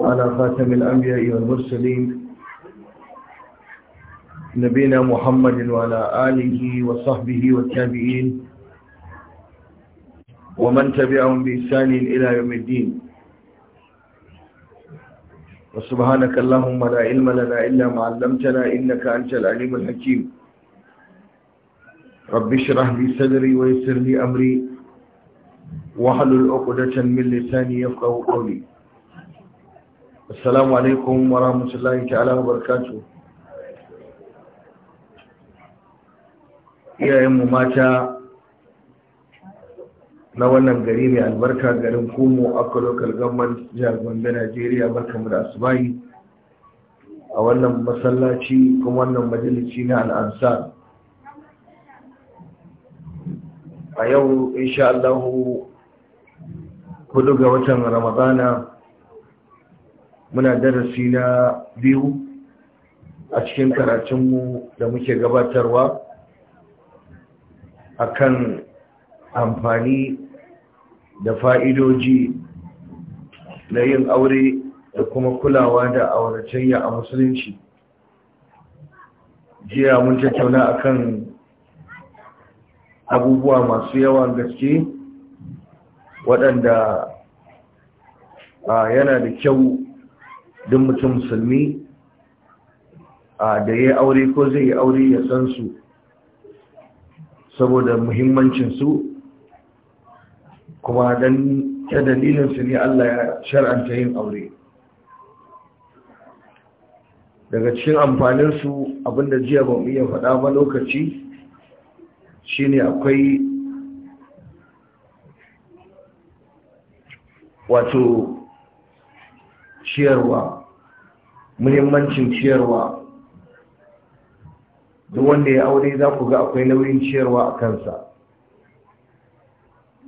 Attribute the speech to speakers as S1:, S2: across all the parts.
S1: وعلى خاتم الأنبياء والمرسلين نبينا محمد وعلى آله وصحبه والتابعين ومن تبعهم بإحسان إلى يوم الدين وسبحانك اللهم لا علم لنا إلا ما علمتنا إنك أنت العليم الحكيم رب اشرح لي صدري ويسر لي أمري واحلل عقدة من لساني يفقه قولي assalamu alaikum wa rahmatullahi ta'ala wa barakatu iyayenmu mata na wannan gari mai albarka garin kumo aka local government jihar gombe najeriya barkamu da asibayi a wannan masallaci kuma wannan majalici na al'ansar a yau insha Allahu hudu ga watan ramadana muna darasi na biyu a cikin karatunmu da muke gabatarwa akan amfani da fa'idoji na yin aure da kuma kulawa da auratayya a musulunci jiya mun tattauna akan abubuwa masu yawan gaske waɗanda yana da kyau duk mutum musulmi da ya aure ko zai yi aure ya san su saboda muhimmancinsu kuma dan ta dalilinsu ne Allah ya shar'anta yin aure daga cikin amfaninsu abinda jiya ba iya faɗa ba lokaci shine akwai wato ciyarwa muhimmancin ciyarwa duk wanda ya aure za ku ga akwai nauyin ciyarwa a kansa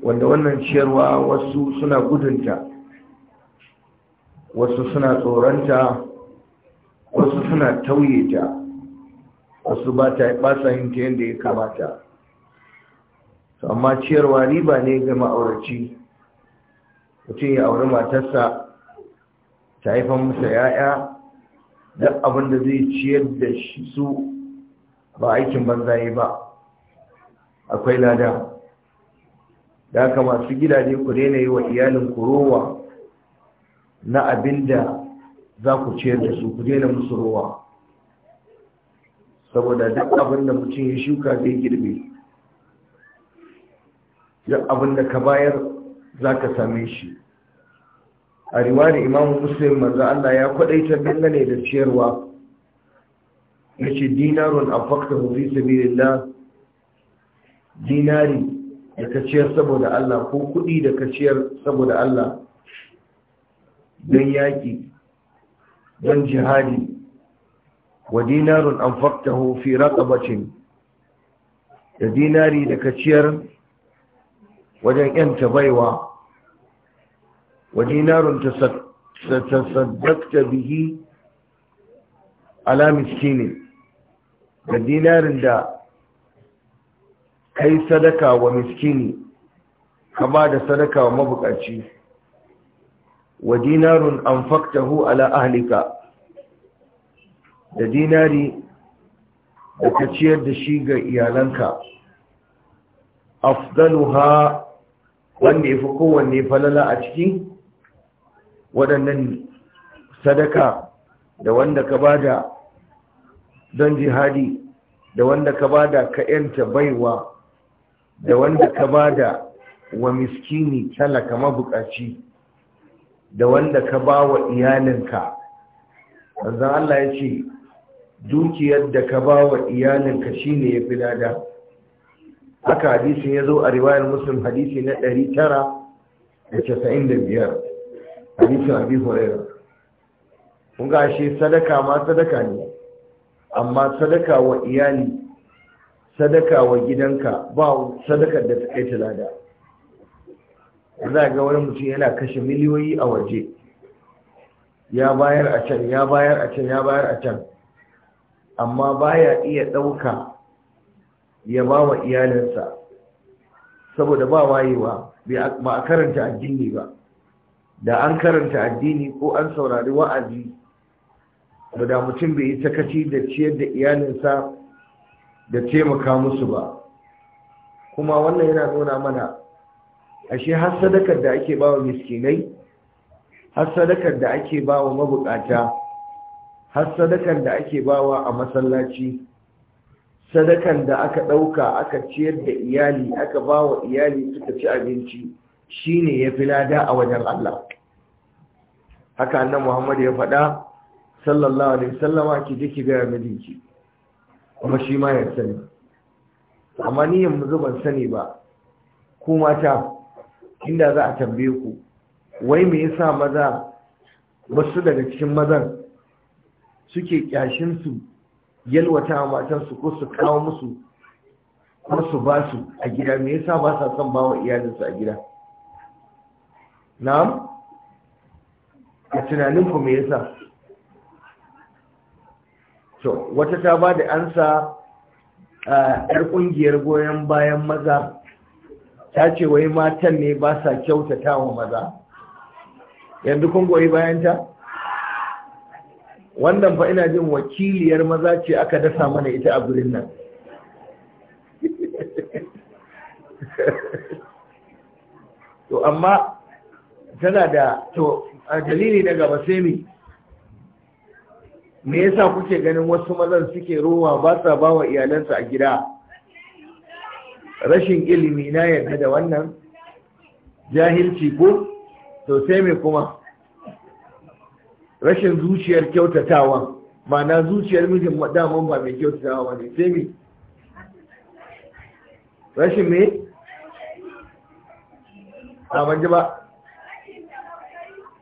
S1: wanda wannan ciyarwa wasu suna gudunta wasu suna tsoronta wasu suna tauye ta wasu ba ta yin ta yadda ya kamata amma ciyarwa riba ne ga ma'auraci mutum ya auri matarsa ta haifan musa ya'ya duk abin da zai ciyar da shi su ba aikin banza banzaye ba akwai lada da aka masu gidaje ku daina yi wa iyalin kurowa na abin da za ku ciyar da su ku daina musu rowa saboda duk abin da mutum ya shuka zai girbe duk abin da ka bayar za ka same shi a riwari imamu muslim manzo Allah ya kwadaita ne da ciyarwa yace dinarun anfaqtahu fi sabilillah dinari da ka ciyar saboda Allah ko kudi da ka ciyar saboda Allah don yaki don jihadi wa dinarun anfaqtahu fi raqabatin da dinari da ka ciyar wajen yanta baiwa ودينار تصدقت به على مسكين ودينار دا كي صدقة ومسكين كما دا صدقة ومبقاتي ودينار أنفقته على أهلك da وكتير da ka ciyar da shi ga iyalanka afdaluha wanda ya fi kowanne falala a ciki waɗannan sadaka da wanda ka bada don jihadi da wanda ka bada ka yanta baiwa da wanda ka bada wa miskini talaka mabukaci da wanda ka ba wa iyalinka wanzan Allah ya ce dukiyar da ka ba wa iyalinka shi ne ya fi lada haka hadisin ya zo a riwayar muslim hadisi na 995 hadisin abi horaira kun ga shi sadaka ma sadaka ne amma sadaka wa iyali sadaka wa gidanka ba sadaka da ta kai talada za ga wani mutum yana kashe miliyoyi a waje ya bayar a can ya bayar a can ya bayar a can amma baya iya ɗauka ya ba wa iyalinsa saboda ba wayewa ba a karanta addini ba da an karanta addini ko an saurari wa'azi ba da mutum bai yi sakaci da ciyar da iyalinsa da taimaka musu ba kuma wannan yana nuna mana ashe har sadakar da ake ba wa miskinai har sadakar da ake ba wa mabukata har sadakar da ake ba wa a masallaci sadakan da aka ɗauka aka ciyar da iyali aka ba wa iyali suka ci abinci shi ne ya fi lada a wajen Allah haka annan Muhammad ya faɗa sallallahu alaihi sallama ki je ki gaya mijinki kuma shi ma ya sani amma ni yanzu ban sani ba ku mata inda za a tambe ku wai me yasa maza wasu daga cikin mazan suke kyashinsu su yalwata matansu ko su kawo musu ko su ba su a gida me yasa ba sa son bawa iyalinsu a gida na'am a tunaninku me yasa to wata ta ba da ansa a yar kungiyar goyon bayan maza ta ce wai matan ne ba sa kyautata wa maza yanzu kun goyi bayan wannan fa ina jin wakiliyar maza ce aka dasa mana ita a gurin nan to amma tana da to a dalili na gaba sai me me yasa kuke ganin wasu mazan suke rowa ba sa ba wa iyalansa a gida rashin ilimi na yadda da wannan jahilci ko to sai me kuma rashin zuciyar kyautatawa ma'ana zuciyar mijin damar ba mai kyautatawa ba ne sai me rashin me a ba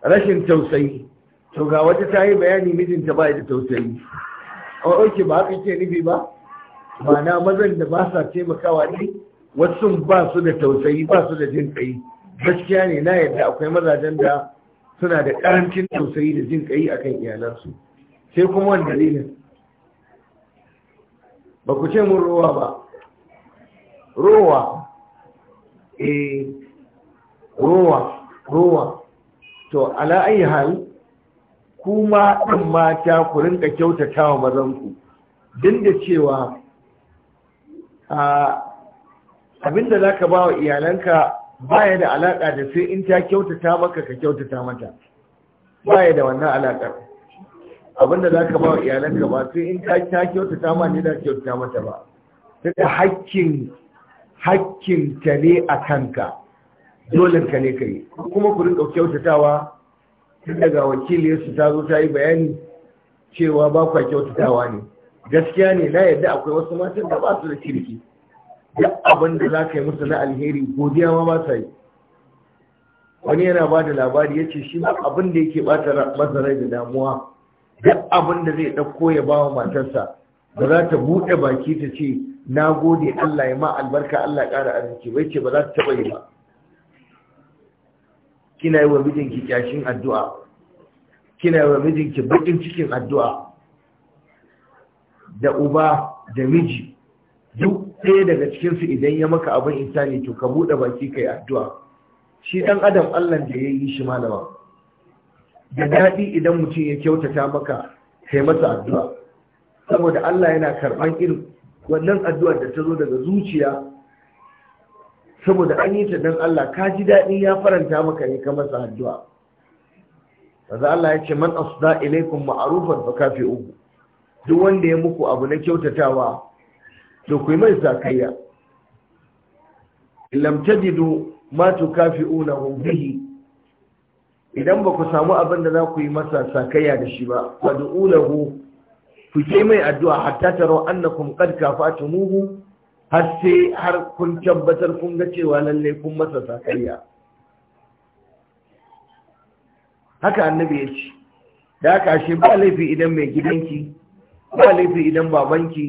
S1: rashin tausayi to ga wata ta yi bayani mijinta ba da tausayi a oke ba haka ke nufi ba ba na mazan da ba sa taimakawa ne wasu ba su da tausayi ba su da jin kai gaskiya ne na yadda akwai mazajen da suna da karancin tausayi da jin kai akan iyalansu sai kuma wani dalilin ba ku ce mun rowa ba rowa eh rowa rowa to ala ayi hal kuma ɗin mata ku rinka kyautata wa mazanku din da cewa abinda za ka ba wa iyalanka baya da alaƙa da sai in ta kyautata maka ka kyautata mata baya da wannan alaƙar abinda za ka ba wa iyalanka ba sai in ta kyautata ma ne da kyautata mata ba da hakkin hakkin ta ne a kanka dolin ka ne kai kuma ku rinka kyautatawa tun daga wakiliyarsu ta zo ta yi bayani cewa ba kwa kyautatawa ne gaskiya ne na yadda akwai wasu matan da ba su da kirki duk abin da za ka yi musu na alheri godiya ma ba sa yi wani yana ba da labari ya ce shi ma abin da yake bata masa da damuwa duk abin da zai ɗauko ya ba wa matarsa ba za ta buɗe baki ta ce na gode Allah ya ma albarka Allah ƙara arziki bai ce ba za ta taɓa yi ba kina yi wa mijinki kyashin addu'a kina yi wa mijinki bakin cikin addu'a da uba da miji duk ɗaya daga cikinsu idan ya maka abin insani to ka buɗe baki kai addu'a shi ɗan adam allah da ya yi shi malama da daɗi idan mutum ya kyautata maka kai masa addu'a saboda allah yana karɓan irin wannan addu'ar da ta zo daga zuciya saboda an yi ta don Allah ka ji daɗi ya faranta maka ne ka masa addu'a kaza Allah ya ce man asda ilaikum ma'rufan fa kafi'u duk wanda ya muku abu na kyautatawa to ku yi mai zakayya illam tajidu ma tukafi'unahu bihi idan ba ku samu abin da za ku yi masa sakayya da shi ba wad'u lahu ku yi mai addu'a hatta taro annakum qad kafa'tumuhu har sai har kun tabbatar kun ga cewa lalle kun masa sakayya haka annabi ya ce da haka shi ba laifi idan mai gidanki ba laifi idan babanki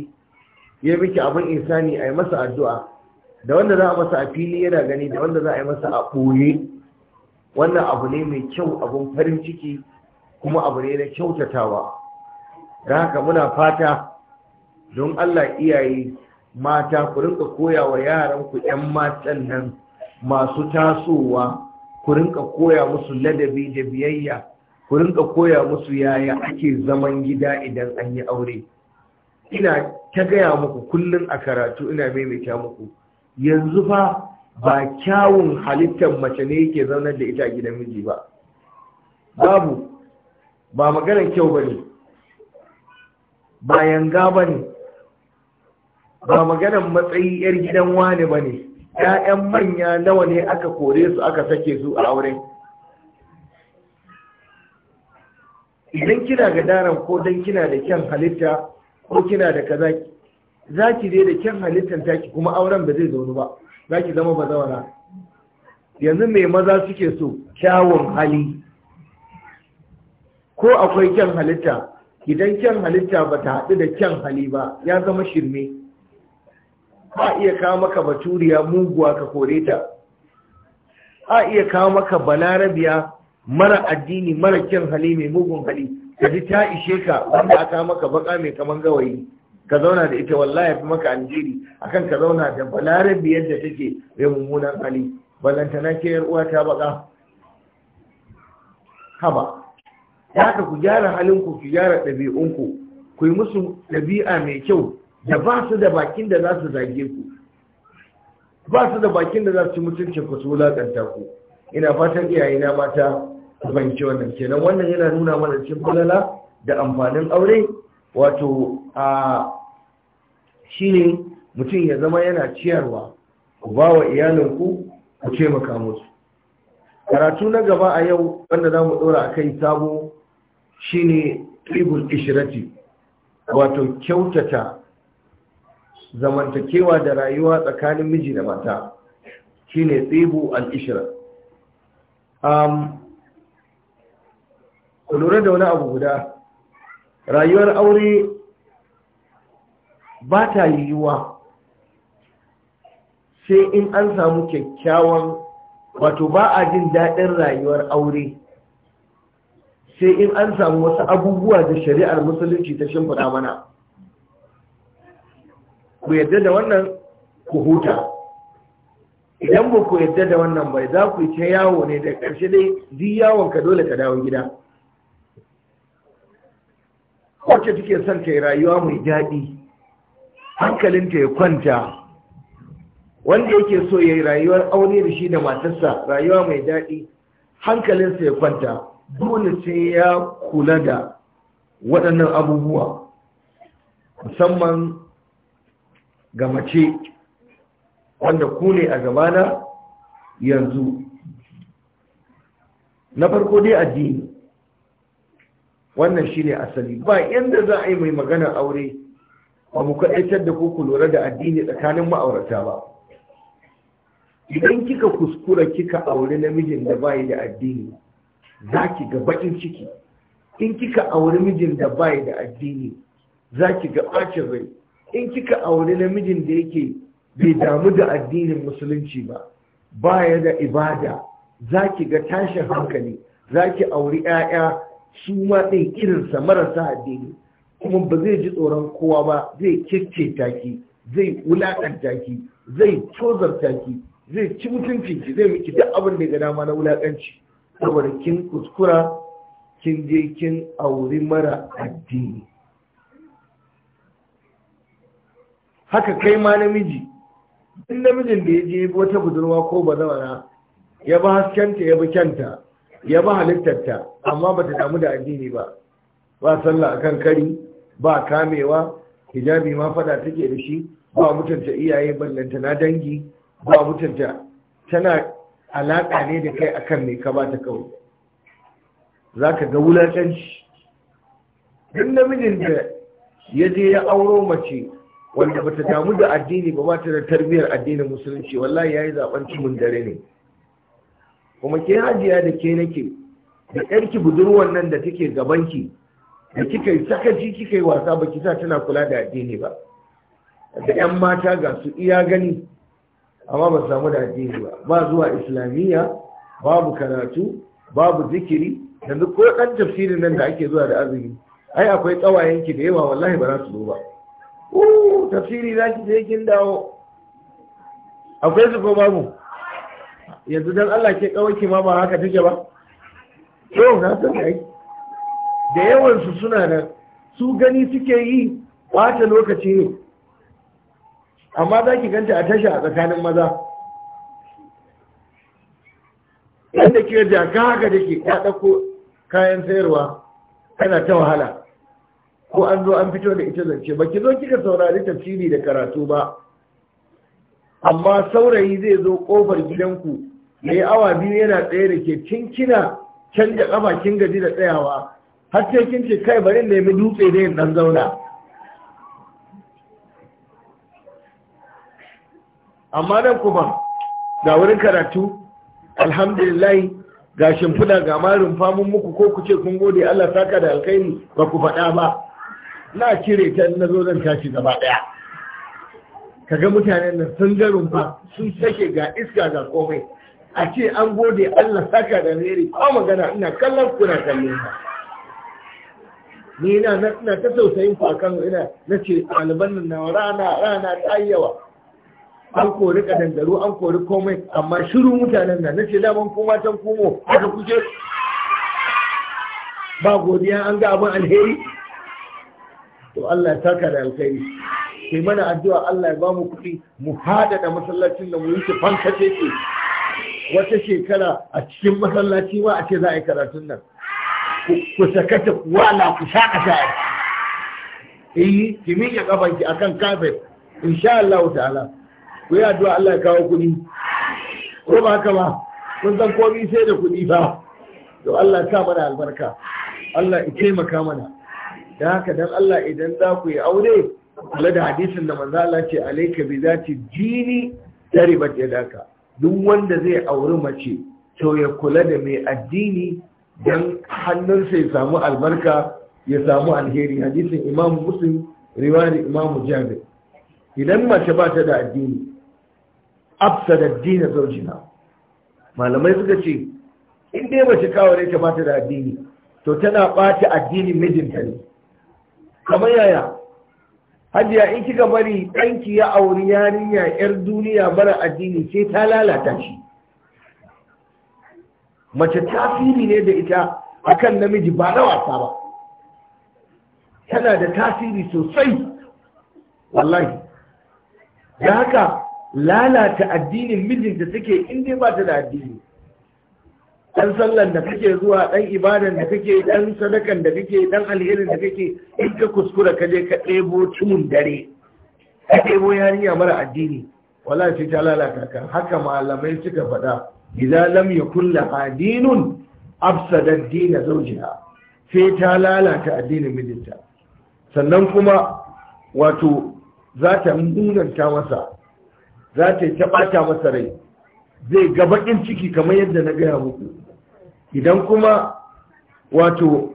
S1: ya miki abin insani a yi masa addu'a da wanda za a masa a fili yana gani da wanda za a yi masa a ɓoye wannan abu ne mai kyau abin farin ciki kuma abu ne na kyautatawa da haka muna fata don allah iyaye mata ku rinka koya wa yaranku 'yan matan nan masu tasowa ku rinka koya musu ladabi da biyayya ku rinka koya musu yaya ake zaman gida idan an yi aure ina ta gaya muku kullum a karatu ina maimaita muku yanzu fa ba kyawun halittar mace ne yake zaunar da ita a gidan miji ba babu ba maganar kyau ba ne ba yanga ba ne ba maganan matsayi yar gidan wani ba ne ‘ya'yan manya nawa ne aka kore su aka sake su a auren idan kina ga daren ko don kina da kyan halitta ko kina da kaza za ki dai da kyan halittar taki kuma auren ba zai zaune ba za ki zama ba zauna. yanzu mai maza suke so kyawun hali ko akwai kyan halitta idan kyan halitta ba ta haɗu da kyan hali ba ya zama shirme a iya kawo maka baturiya muguwa ka kore ta a iya kawo maka balarabiya mara addini mara kyan hali mai mugun hali ka ji ta ishe ka wanda aka maka baka mai kaman gawayi ka zauna da ita wallahi fi maka aljiri akan ka zauna da balarabiyar da take mai mummunan hali ballantana ke yar uwa ta baka haba ka ku gyara halinku ku gyara ɗabi'unku ku yi musu ɗabi'a mai kyau da ba su da bakin da za su zage ku ba su da bakin da za su mutuncin ku su wulakanta ku ina fatan iyayena mata banci wannan kenan wannan yana nuna mana cin kulala da amfanin aure wato a shine mutum ya zama yana ciyarwa ku ba wa iyalinku ku taimaka musu karatu na gaba a yau wanda za mu ɗora a kai sabo shine tribul ishirati wato kyautata zamantakewa da rayuwa tsakanin miji da mata shine tsibu al-ishra um da wani abu guda rayuwar aure ba ta yiwuwa sai in an samu kyakkyawan wato ba a jin daɗin rayuwar aure sai in an samu wasu abubuwa da shari'ar musulunci ta shimfiɗa mana ku yadda da wannan ku huta idan ba ku yadda da wannan bai za ku ce yawo ne da ƙarshe dai duk yawon ka dole ka dawo gida wacce take son ta yi rayuwa mai daɗi hankalinta ya kwanta wanda yake so ya yi rayuwar aure da shi da matarsa rayuwa mai daɗi hankalinsa ya kwanta dole sai ya kula da waɗannan abubuwa musamman ga mace wanda ku ne a gabana yanzu na farko dai addini wannan shine asali ba yanda za a yi mai magana aure ba mu kaɗaitar da ku lura da addini tsakanin ma'aurata ba idan kika kuskura kika aure namijin da bayi da addini za ki ga baƙin ciki in kika aure mijin da bayi da addini za ki ga ɓacin rai in kika aure namijin da yake bai damu da addinin musulunci ba baya da ibada za ki ga tashin hankali za ki auri 'ya'ya su ma ɗin irinsa marasa addini kuma ba zai ji tsoron kowa ba zai kyakke taki zai wulaƙanta ki zai tozarta ki zai ci mutuncin ki zai miki duk abin da ga dama na wulaƙanci saboda kin kuskura kin je kin auri mara addini haka kai ma namiji in namijin da ya je wata budurwa ko ba bazawara ya ba haskenta ya bi kyanta ya ba halittarta amma ba ta damu da addini ba ba sallah a kan kari ba kamewa hijabi ma fada take da shi ba mutunta iyaye ballanta na dangi ba mutunta tana alaƙa ne da kai akan ne ka ba ta kawai za ka ga wulaƙanci duk namijin da ya je ya auro mace wanda bata damu da addini ba ta da tarbiyyar addinin musulunci wallahi yayi zaben cimin dare ne kuma ke hajiya da ke nake da yarki budurwan nan da take gabanki da kika yi sakaci kika yi wasa baki sa tana kula da addini ba da yan mata ga su iya gani amma ba samu da addini ba ba zuwa islamiyya babu karatu babu zikiri yanzu ko dan tafsirin nan da ake zuwa da azumi ai akwai tsawayenki da yawa wallahi ba za su zo ba tafsiri za ki je kin dawo akwai su ko babu yanzu dan Allah ke kawaki ma ba haka take ba to na san kai da yawan su suna nan su gani suke yi wata lokaci ne amma za ki ganta a tasha a tsakanin maza inda ke jaka haka da ke ɗauko kayan sayarwa kana ta wahala ko an zo an fito da ita zance ba ki zo kika saurari tafsiri da karatu ba amma saurayi zai zo kofar gidanku ya yi awa biyu yana tsaye da ke kin kina canja kafa kin gaji da tsayawa har sai kin ce kai bari nemi dutse da dan zauna amma nan kuma ga wurin karatu alhamdulillah ga shimfiɗa ga marin famun muku ko ku ce kun gode Allah saka da alkhairi ba ku faɗa ba na cire ta na zo zan tashi gaba daya kaga mutanen nan sun ga rumfa sun sake ga iska ga komai a ce an gode Allah saka da rere ko magana ina kallon kuna kallon ka ni ina na ta tausayin ku akan ina nace ɗaliban nan rana rana ta yawa an kori kadangaru an kori komai amma shiru mutanen nan nace daman kuma tan kumo haka kuke ba godiya an ga abin alheri to Allah ya taka da alkhairi sai mana addu'a Allah ya ba mu kuɗi mu da masallacin da mu yi shi fankace ce wata shekara a cikin masallaci ma a ce za a yi karatun nan ku sakata ku wala ku shaƙata eh ki ya kafanki akan kafet insha Allah ta'ala ku yi addu'a Allah ya kawo kuɗi
S2: ko ba haka ba kun san komai
S1: sai da kuɗi ba. to Allah ya sa mana albarka Allah ya taimaka mana da haka dan Allah idan za ku yi aure kula da hadisin da manzo Allah ce alayka bi zati dini taribat daka duk wanda zai auri mace to ya kula da mai addini dan hannunsa ya samu albarka ya samu alheri hadisin Imam Muslim riwayar Imam Jabir idan mace ba ta da addini afsada addini zaujina malamai suka ce in dai mace kawai ta ba ta da addini to tana ɓata addinin mijinta ne kamar yaya hajiya in kika bari ɗanki ya auri yarinya yar duniya bara addini sai ta lalata shi mace tasiri ne da ita akan namiji ba na wasa ba tana da tasiri sosai wallahi da haka lalata addinin mijinta take inda ba ta da addini dan sallan da kake zuwa dan ibadan da kake dan sadakan da kake dan alherin da kake in ka kuskura ka ka ɗebo tun dare ka ɗebo yarinya mara addini wala sai ta lalata ka haka malamai suka faɗa idza lam yakul laha dinun afsadat dina zawjiha sai ta lalata addinin mijinta sannan kuma wato za ta munanta masa za ta yi ta ɓata masa rai zai ga ɗin ciki kamar yadda na gaya muku idan kuma wato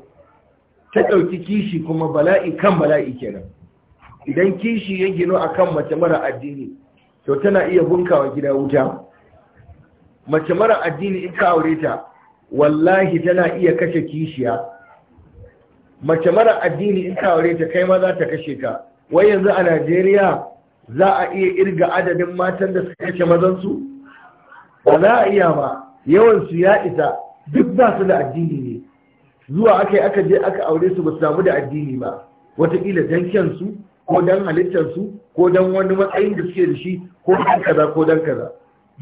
S1: ta ɗauki kishi kuma bala'i kan bala'i kenan idan kishi ya gino a kan mace mara addini to tana iya bunkawa gida wuta mace mara addini in ka aure ta wallahi tana iya kashe kishiya mace mara addini in ka aure ta kai ma za ta kashe ka wai yanzu a najeriya za a iya irga adadin matan da suka kashe mazansu ba za a iya ba yawansu ya isa duk ba su da addini ne zuwa aka yi aka je aka aure su ba su samu da addini ba wataƙila don kyansu ko don halittarsu ko don wani matsayin da suke da shi ko don kaza ko don kaza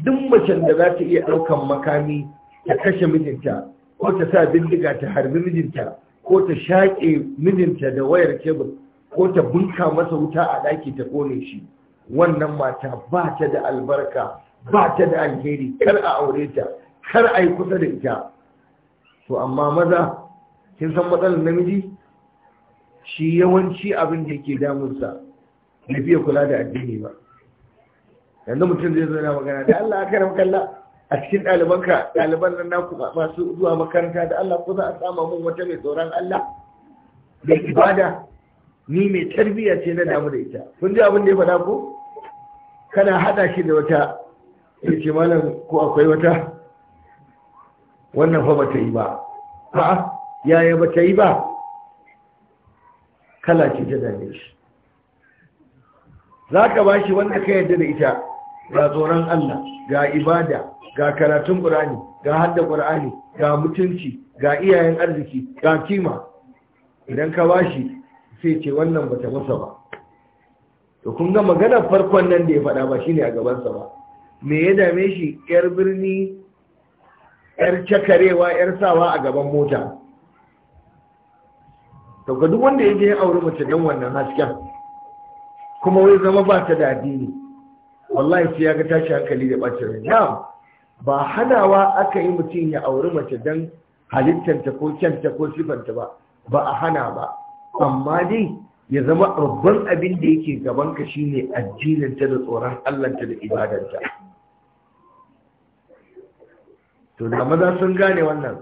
S1: duk macen da za ta iya ɗaukan makami ta kashe mijinta ko ta sa bindiga ta harbi mijinta ko ta shaƙe mijinta da wayar kebul ko ta bunka masa wuta a ɗaki ta kone shi wannan mata ba ta da albarka ba ta da alheri kar a aure ta kar a yi kusa da ita to amma maza kin san matsalar namiji shi yawanci abin da yake damunsa bai fiye kula da addini ba yanzu mutum zai zo na magana da Allah aka ramu kalla a cikin ɗalibanka ɗaliban nan naku masu zuwa makaranta da Allah ko za a sama mun wata mai tsoron Allah da ibada ni mai tarbiyya ce na damu da ita kun ji abin da ya faɗa ko kana haɗa shi da wata ya ce malam ko akwai wata wannan fa bata yi ba a'a yaya bata yi ba kala ce ta dame shi za ka ba shi wanda ka yarda da ita ga tsoron Allah ga ibada ga karatun ƙur'ani ga hadda ƙur'ani ga mutunci ga iyayen arziki ga kima idan ka bashi shi sai ce wannan bata masa ba to kun ga maganar farkon nan da ya faɗa ba shine a gabansa ba me ya dame shi yar birni yar cakarewa yar sawa a gaban mota to ga duk wanda yake ya aure mace dan wannan hasken kuma wai zama ba ta da addini wallahi sai ya ga tashi hankali da bacin rai na ba hanawa aka yi mutum ya aure mace dan halittanta ko kyanta ko sifanta ba ba a hana ba amma dai ya zama babban abin da yake gabanka shine addininta da tsoron Allahnta da ta to da maza sun gane wannan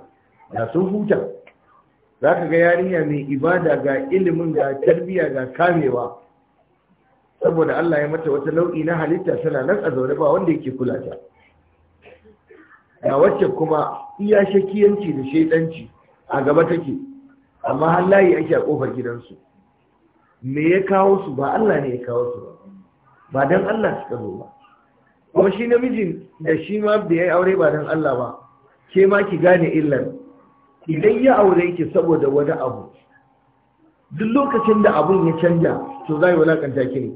S1: da sun huta za ka ga yarinya mai ibada ga ilimin ga tarbiyya ga kamewa saboda Allah ya mata wata nau'i na halitta tana nan a zaune ba wanda yake kula ta ga wacce kuma iya shakiyanci da shaidanci a gaba take amma har layi ake a kofar gidansu me ya kawo su ba Allah ne ya kawo su ba ba dan Allah suka zo ba kuma shi namijin da shi ma da ya aure ba don Allah ba ke ma ki gane illar idan ya aure ki saboda wani abu duk lokacin da abun ya canja to za yi wulakanta ki ne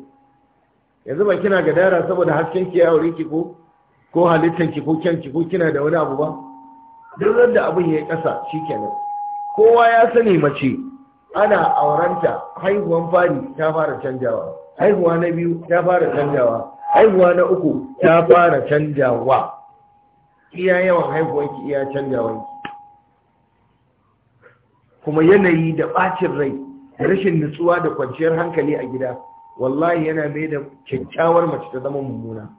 S1: yanzu ba kina ga dara saboda hasken ki ya aure ki ko ko halittar ki ko kyan ki ko kina da wani abu ba duk da abun ya yi ƙasa kenan. kowa ya sani mace ana auranta haihuwan fari ta fara canjawa haihuwa na biyu ta fara canjawa haihuwa na uku ta fara canjawa iya yawan haihuwanki iya canjawanki kuma yanayi da ɓacin rai rashin nutsuwa da kwanciyar hankali a gida wallahi yana mai da kyakkyawar mace ta zama mummuna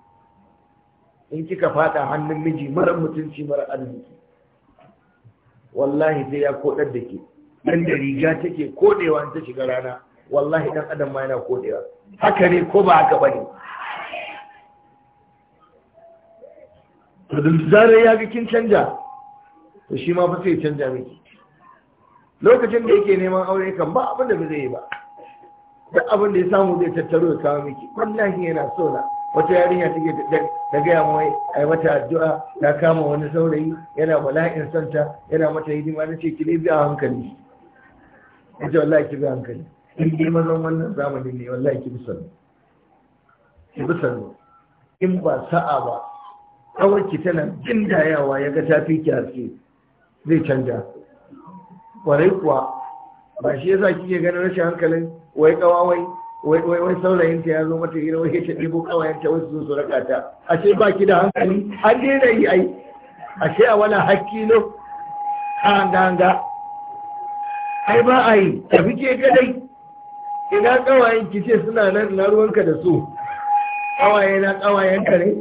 S1: in kika fada hannun miji mara mutunci mara arziki wallahi sai ya kodar da ke ɗan da riga take kodewa ta shiga rana wallahi ɗan adam ma yana kodewa haka ne ko ba haka ne? to da zarar ya ga kin canja to shi ma fa sai canja miki lokacin da yake neman aure kan ba abin da ba zai yi ba da abin da ya samu zai tattaro ya kawo miki wallahi yana so na wata yarinya take ta gaya mai ai mata addu'a ta kama wani saurayi yana bala'in santa yana mata hidima na ce ki ne bi a hankali ita wallahi ki bi a hankali in dai mazan wannan zamanin ne wallahi ki bi sannu ki bi sannu in ba sa'a ba tsawarki tana jin dayawa ya ga tafi ki zai canja kwarai kuwa ba shi yasa kike ganin rashin hankalin wai kawa wai wai wai saurayin ta zo mata hira wai ta dibo kawayen ta wasu su raka ta ashe ba ki da hankali an daina yi ai ashe a wala hakkilo an ganga ai ba ai tafi ke dai. ina kawayen ki ce suna nan na ruwanka da su kawaye na kawayen ka ne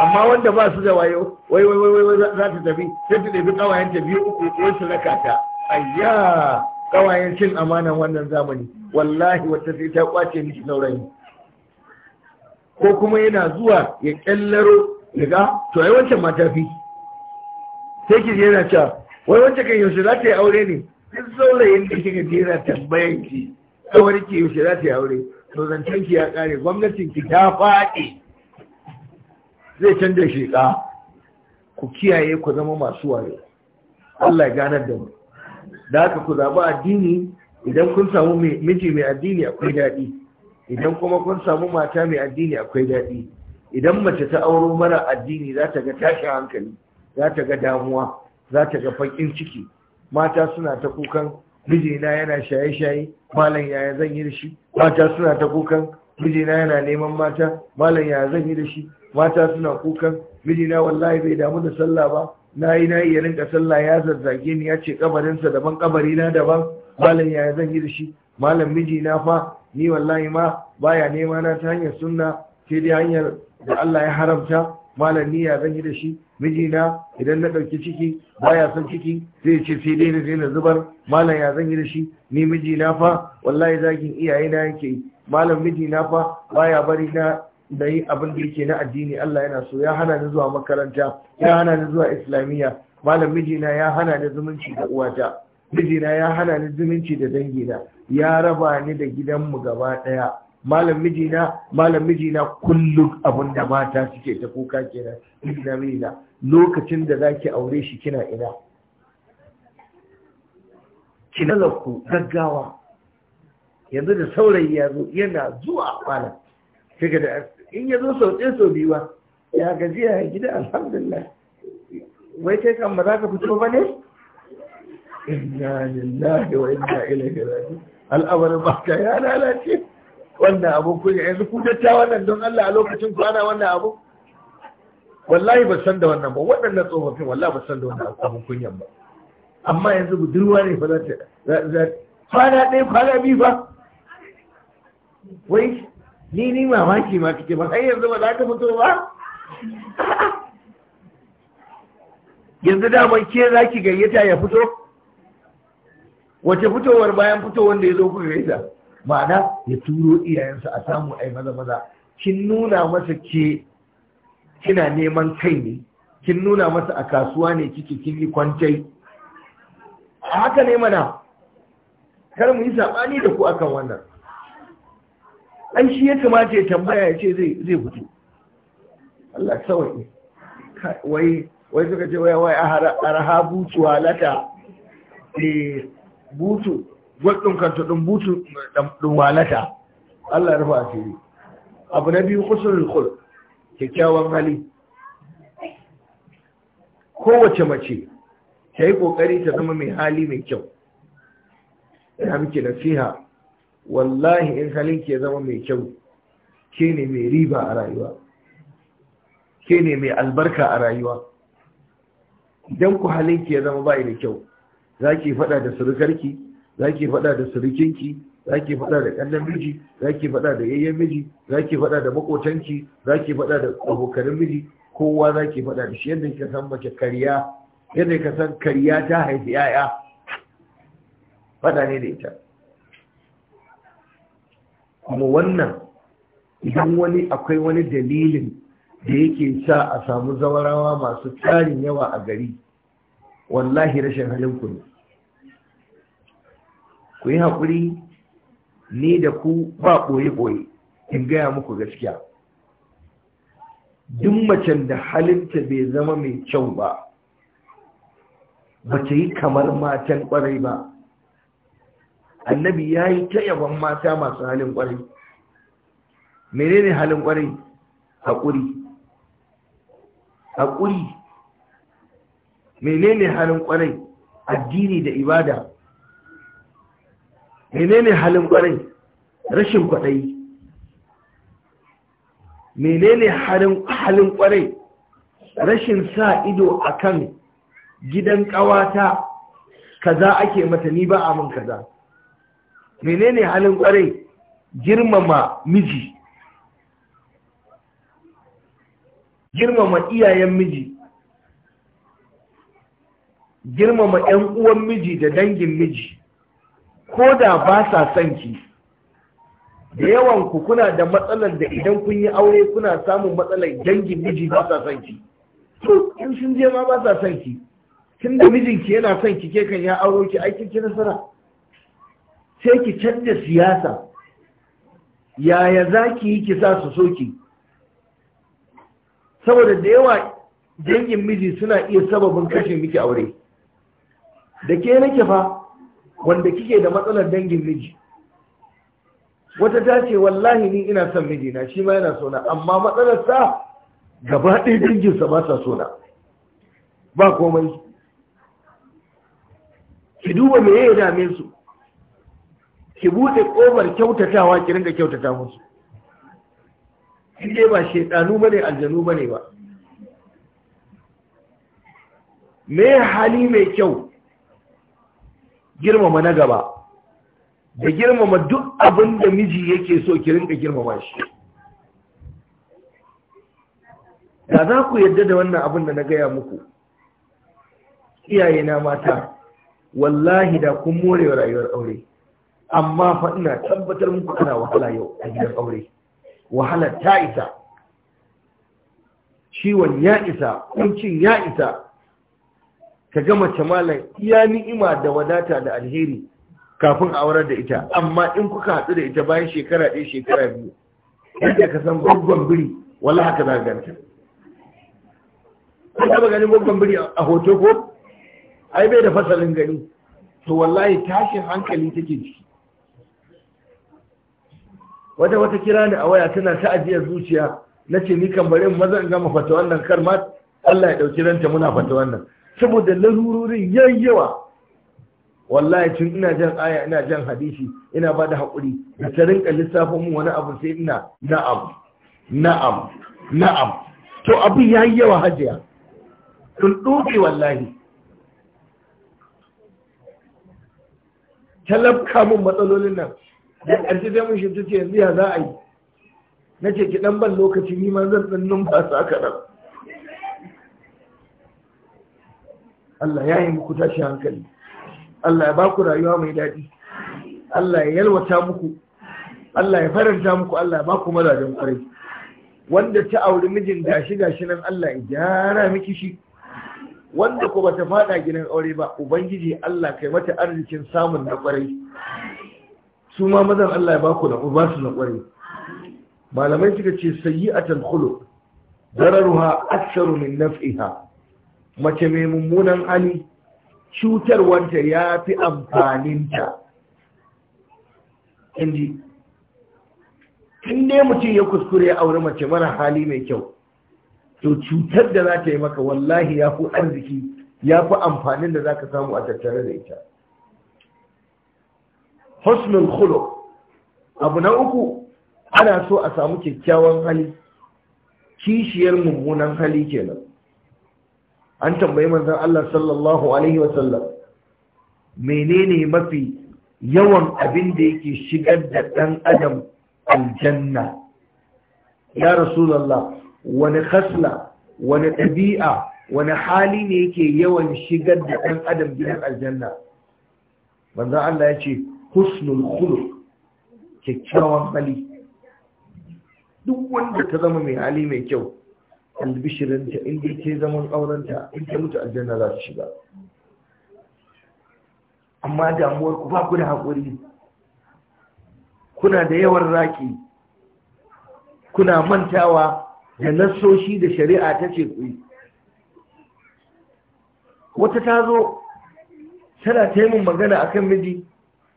S1: amma wanda ba su da wayo wai wai wai za ta tafi sai ta ɗabi biyu uku wai su raka ta ayya ƙawayen cin amanan wannan zamani wallahi wata sai ta kwace miki rai. ko kuma yana zuwa ya ƙyallaro daga to ai wancan mata fi sai ki yana ta, wai wancan kan yaushe za ta yi aure ne duk saurayin da kika je yana tambayan kawar ki yaushe za ta yi aure to zancen ki ya kare gwamnatin ki ta faɗi zai canza sheƙa ku kiyaye ku zama masu wayo Allah ya ganar da mu da haka ku zaɓi addini idan kun samu miji mai addini akwai daɗi idan kuma kun samu mata mai addini akwai daɗi idan mace ta auro mara addini za ta ga tashin hankali za ta ga damuwa za ta ga fakin ciki mata suna ta kukan mijina yana shaye-shaye malam yaya zan yi da shi mata suna ta kukan mijina yana neman mata malam yaya zan yi da shi mata suna kukan mijina wallahi bai damu da sallah ba na yi na iya rinka sallah ya zazzage ni ya ce kabarinsa daban na daban malam ya zan yi da shi malam mijina fa ni wallahi ma baya nema na ta hanyar sunna sai dai hanyar da Allah ya haramta malam ni ya zan yi da shi mijina idan na ɗauki ciki baya son ciki zai ce sai dai na daina zubar malam ya zan yi da shi ni mijina fa wallahi zagin iyaye na yake malam mijina fa baya bari na da yi abin da yake na addini Allah yana so ya hana ni zuwa makaranta ya hana ni zuwa islamiyya malam mijina ya hana ni zumunci da uwata mijina ya hana ni zumunci da dangina ya raba ni da gidanmu gaba ɗaya malam mijina malam mijina kullum abin da mata suke ta kuka kenan mijina mijina lokacin da zaki aure shi kina ina kina ku gaggawa yanzu da saurayi ya zo yana zuwa malam kaga da in ya zo sau ɗaya sau biyu ba ya gajiya ya gida alhamdulillah wai kai kan ba za ka fito ba ne inna lillahi wa inna ilaihi raji'un al'amarin ba ka ya lalace wannan abu ya yanzu ku jatta wannan don Allah a lokacin kwana wannan abu wallahi ba san da wannan ba waɗannan tsofaffin wallahi ba san da wannan abu kunyan ba amma yanzu budurwa ne fa za ta kwana ɗaya kwana biyu ba wai ni ni mamaki ma kake ba kai yanzu ba za ka fito ba yanzu daman ke za ki gayyata ya fito wace fitowar bayan fito wanda ya zo kuka gaita ma'ana ya turo iyayensa a samu ai maza maza kin nuna masa ke kina neman kai ne kin nuna masa a kasuwa ne kike kin yi kwantai haka ne mana kar mu yi sabani da ku akan wannan ai shi ya kamata ya tambaya ya ce zai fito Allah sawai wai wai suka ce wai wai arha butu walata eh butu gwadin kanta din butu ɗin walata Allah rufa asiri abu na biyu husnul khulq kyakkyawan hali kowace mace ta yi kokari ta zama mai hali mai kyau Ya muke nasiha wallahi in halin ke zama mai kyau ke ne mai riba a rayuwa ke ne mai albarka a rayuwa idan ku halin ke zama bai da kyau za ki faɗa da surukarki za ki faɗa da surukinki za ki faɗa da kallon miji za ki faɗa da yayyen miji za ki faɗa da makotanki za ki faɗa da abokanin miji kowa za ki faɗa da shi yadda ka san mace karya yadda ka san karya ta haifi 'ya'ya faɗa ne da ita kuma wannan idan wani akwai wani dalilin da yake sa a samu zawarawa masu tsarin yawa a gari wallahi rashin halin ku ne ku yi haƙuri ni da ku ba ɓoye-ɓoye in gaya muku gaskiya duk macen da halinta bai zama mai kyau ba ba ta yi kamar matan ƙwarai ba annabi ya yi ta yaban mata masu halin ƙwarai. menene halin ƙwarai haƙuri haƙuri menene halin ƙwarai addini da ibada menene halin ƙwarai rashin kwaɗayi menene halin ƙwarai rashin sa ido akan gidan ƙawata kaza ake mata ni ba a min kaza menene halin kwarai girmama miji girmama iyayen miji girmama 'yan uwan miji da dangin miji ko da ba sa son ki da yawan ku kuna da matsalar da idan kun yi aure kuna samun matsalar dangin miji ba sa son ki to in sun je ma ba sa son ki tun da mijinki yana son ki ke kan ya auro ki aikin ki nasara sai ki canza siyasa yaya za ki yi kisa su soki saboda da yawa dangin miji suna iya sababin kashe miki aure da ke nake fa wanda kike da matsalar dangin miji wata ta ce wallahi ni ina son mijina shi ma yana sona amma matsalar sa gaba ɗaya danginsa ba sa sona ba komai ki duba me ya dame su ki buɗe ƙofar kyautatawa ki ringa kyautata musu in ba shaidanu bane aljanu bane ba me hali mai kyau girmama na gaba da girmama duk abin da miji yake so ki ringa girmama shi da za ku yadda da wannan abin da na gaya muku Iyayena mata wallahi da kun more rayuwar aure amma fa ina tabbatar muku ana wahala yau a gidan aure wahala ta isa ciwon ya isa kuncin ya isa ka gama malam iya ni'ima da wadata da alheri kafin aurar da ita amma in kuka haɗu da ita bayan shekara ɗaya shekara biyu yadda ka san gwaggon biri wala haka za ka ganta an taɓa ganin gwaggon biri a hoto ko ai bai da fasalin gani to wallahi tashin hankali take ciki wata wata kira ni a waya tana ta ajiyar zuciya na ce ni kan bari maza in gama fata wannan kar ma Allah ya dauki ranta muna fata wannan saboda larurorin yayyawa wallahi tun ina jan aya ina jan hadisi ina bada hakuri haƙuri da ta rinka lissafo mun wani abu sai ina na'am na'am na'am to abin ya yawa hajiya tun dubi wallahi talabka mun matsalolin nan da ƙarshe mun shirta ce yanzu ya za a yi na ce ki ban lokaci ni ma zan ɗan numfasa kaɗan Allah ya yi muku tashi hankali Allah ya baku rayuwa mai daɗi Allah ya yalwata muku Allah ya faranta muku Allah ya baku mazajen ƙwarai wanda ta auri mijin gashi gashi nan Allah ya gyara miki shi wanda ko bata fada gidan aure ba ubangiji Allah kai mata arzikin samun na ƙwarai su ma mazan Allah ya baku ba su na malamai suka ce sayyi'atul khuluq dararuha aktsaru min naf'iha mace mai mummunan hali cutarwanta ya fi amfaninta inji in ya mutum ya kuskure ya auri mace mara hali mai kyau to cutar da za ta yi maka wallahi ya fi arziki ya fi amfanin da za ka samu a tattare da ita husnul khuluq abu na uku ana so a samu kyakkyawan hali kishiyar mummunan hali kenan an tambayi manzon Allah sallallahu alaihi menene mafi yawan abin da yake shigar da ɗan adam aljanna ya rasulallah wani khasla wani ɗabi'a wani hali ne yake yawan shigar da ɗan adam gidan aljanna banza Allah ya ce husnul khuluq kyakkyawan hali duk wanda ta zama mai hali mai kyau albishirinta inda ke zaman aurenta in ta mutu aljanna za shiga amma damuwar ku ba ku da haƙuri kuna da yawan raki kuna mantawa da nasoshi da shari'a ta ce ku wata ta zo tana taimun magana akan miji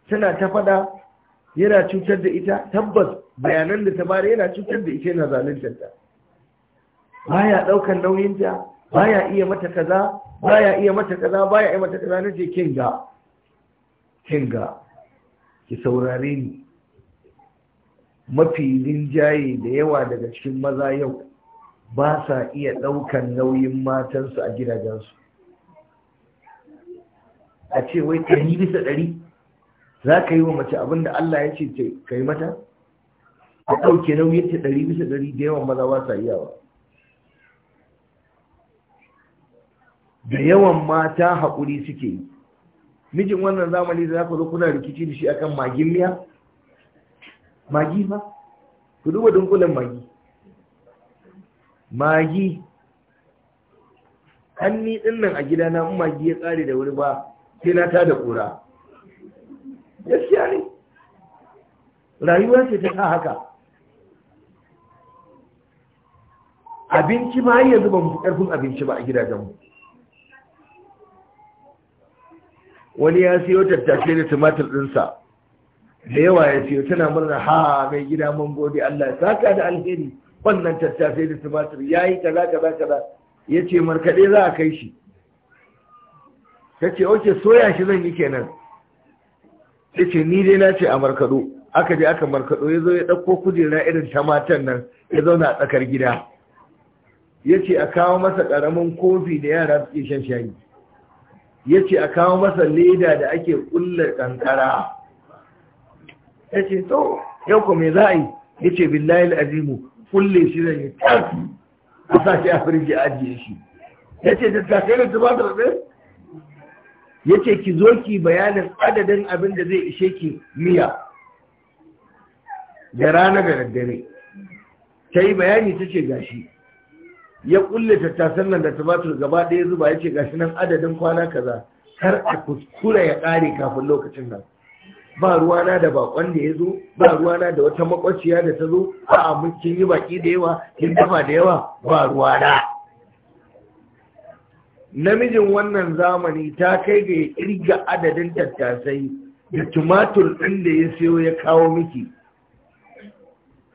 S1: tana ta fada yana cutar da ita tabbas bayanan da ta bari yana cutar da ita yana zaluntar ta baya daukan nauyinta baya iya mata kaza baya iya mata kaza baya iya mata kaza nace kinga kinga ki saurare ni mafi linjaye da yawa daga cikin maza yau ba sa iya daukan nauyin matansu a gidajensu a ce wai ɗari bisa ɗari za ka yi wa mace abin da Allah ya ce ka yi mata a ɗauke nauyin ta ɗari bisa ɗari da yawan maza ba sa yawa da yawan mata haƙuri suke yi mijin wannan zamani da za ka zo kuna rikici da shi akan magin miya magi fa ku duba dunkulen magi magi an ni ɗin nan a gidana in magi ya tsare da wuri ba sai na ta da ƙura gaskiya ne ce ta sa haka abinci ma yanzu ba mu karfin abinci ba a gidajenmu wani ya siyo tattashe da tumatir ɗinsa da yawa ya siyo tana murna ha mai gida mun gode Allah ya saka da alheri wannan tattashe da tumatir ya yi kaza kaza kaza ya ce markaɗe za a kai shi ta ce oke soya shi zan yi kenan ya ce ni dai na ce a markaɗo aka je aka markaɗo ya zo ya ɗauko kujera irin ta matan nan ya zauna a tsakar gida ya ce a kawo masa ƙaramin kofi da yara suke shan shayi ya ce a kawo masa leda da ake ƙullar ƙanƙara ya ce to yau ko me za a yi ya ce billahi azimu kulle shi zan yi tafi a sa shi a firji ajiye shi ya ce ta, tafiya da tuba da rabe yace ki zo ki bayanin adadin abin da zai ishe ki miya
S2: da rana da
S1: daddare ta yi bayani ta ce gashi ya kulle tattasan nan da tumatur gaba ɗaya zuba ya ce gashi nan adadin kwana kaza har a kuskura ya ƙare kafin lokacin nan ba ruwana da bakon da ya zo ba ruwana da wata makwaciya da ta zo a mukin yi baki da yawa kin dafa da yawa ba ruwana namijin wannan zamani ta kai ga ya kirga adadin tattasai da tumatur ɗin da ya siyo ya kawo miki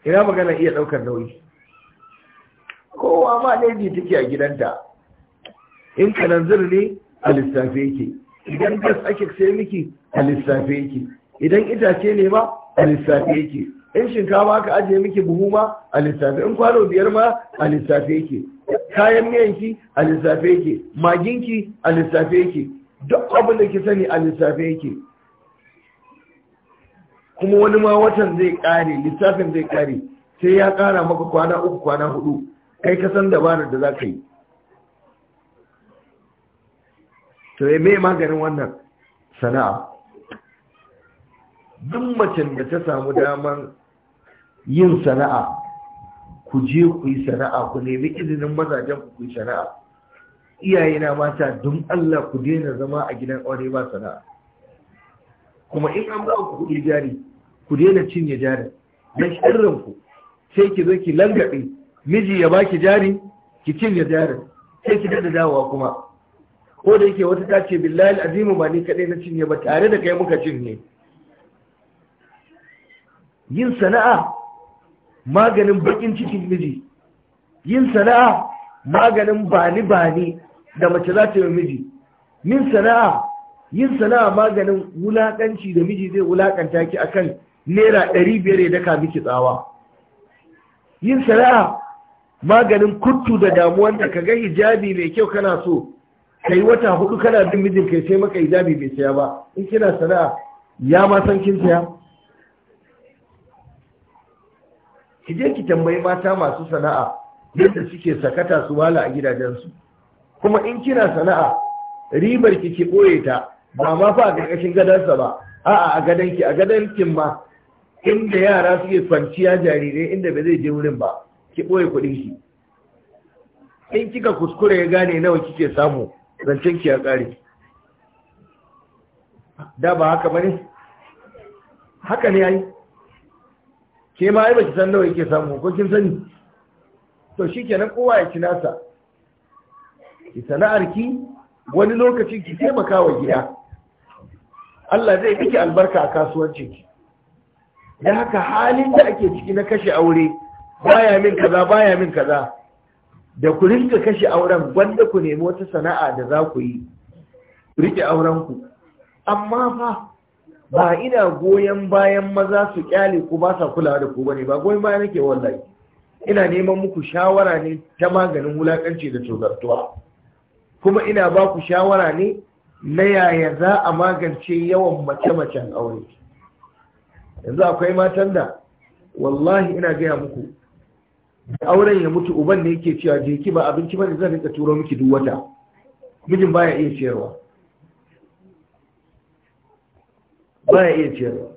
S1: ina magana iya ɗaukar nauyi kowa ma daji take a gidanta in kananzir ne a lissafe yake idan gas ake sai miki a lissafe yake idan itace ne ma a lissafe yake in shinkawa ka ajiye miki buhu ma a lissafi in kwano biyar ma a lissafi yake kayan miyanki a lissafi yake maginki a lissafi yake duk abin da ki sani a lissafi yake kuma wani ma watan zai kare lissafin zai kare sai ya kara maka kwana uku kwana hudu kai ka san dabarar da za ka yi to me maganin wannan sana'a duk macen da ta samu damar yin sana'a ku je ku yi sana'a ku nemi izinin mazajen ku yi sana'a na mata don Allah ku daina zama a gidan aure ba sana'a kuma in an ba ku kuɗi jari ku daina cinye jari na shirin ku sai ki zo ki langabe miji ya baki jari ki cinye jari sai ki daɗa dawowa kuma ko da yake wata ta ce billahi azimu ba ni kaɗai na cinye ba tare da kai muka cinye yin sana'a maganin bakin cikin miji yin sana'a maganin bani bani da mace za ta yi miji yin sana'a yin sana'a maganin wulakanci da miji zai wulakanta ki akan naira 500 da daka miki tsawa yin sana'a maganin kuttu da damuwan da ga hijabi mai kyau kana so kai wata hudu kana bin mijin kai sai maka hijabi bai saya ba in kina sana'a ya ma san kin saya ki je ki tambayi mata masu sana'a yadda suke sakata su wala a gidajensu kuma in kina sana'a ribar ki ki boye ta ba ma fa a ƙarƙashin gadansa ba a'a a ki, a kin ma inda yara suke kwanciya jarirai inda ba zai je wurin ba ki boye kudin ki in kika kuskure ya gane nawa kike samu zancen ki ya kare da ba haka bane haka ne ai ke ma ai baki san nawa yake samu ko kin sani to shikenan kowa ya ci nasa ki sana'ar ki wani lokaci ki taimaka wa gida Allah zai miki albarka a kasuwanci. ki da haka halin da ake ciki na kashe aure baya min kaza baya min kaza da ku rinka kashe auren wanda ku nemi wata sana'a da za ku yi rike auren ku amma fa ba ina goyon bayan maza su kyale ko ba sa kulawa da ku bane ba goyon bayan nake wallahi ina neman muku shawara ne ta maganin wulakanci da tsogartuwa kuma ina ba ku shawara ne na yaya za a magance yawan mace-macen aure yanzu akwai matan da wallahi ina gaya muku Da auren ya mutu uban ne yake cewa je ki ba abinci bane zan rika turo miki duk wata mijin baya iya ciyarwa ba ya iya ciyarwa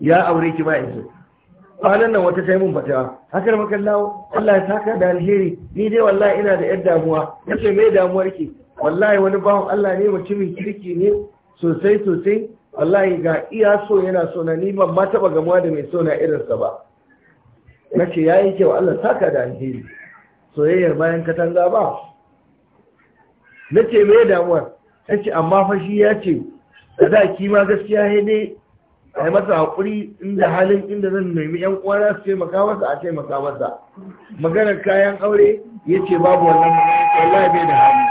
S1: ya aure ki ba ya so kwanan nan wata sai mun fata. haka da makallawo Allah ya saka da alheri ni dai wallahi ina da yar damuwa yace mai damuwar ki wallahi wani bawon Allah ne mutumin kirki ne sosai sosai wallahi ga iya so yana so na ni ban ma taba gamuwa da mai so na irinsa ba nace yi kyau Allah saka da alheri soyayyar bayan katanga ba na ce mai damuwar ya ce amma fashi ya ce sadaki kima gaskiya ya ne a yi masa haƙuri inda halin inda zan nemi yan uwana su taimaka masa a taimaka masa maganar kayan aure ya ce babu wannan wallahi bai da hali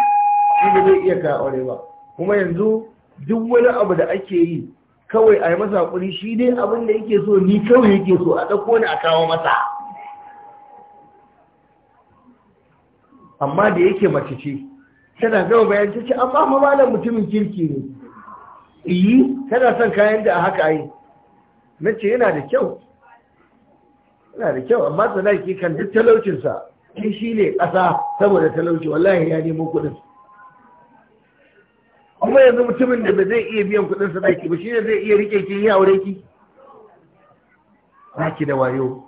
S1: shi ba zai iya kayan aure ba kuma yanzu duk wani abu da ake yi kawai a yi masa haƙuri shi ne abin da yake so ni kawai yake so a ɗauko ni a kawo masa amma da yake mace ce tana gama bayan ta ce amma malam mutumin kirki ne iyi tana son kayan da a haka yi na ce yana da kyau yana da kyau amma tsanaki kan duk talaucinsa shi shi ne ƙasa saboda talauci wallahi ya nemo kuɗin kuma yanzu mutumin da ba zai iya biyan kuɗin sadaki ba shi ne zai iya rike ki yi aure ki ba ki da wayo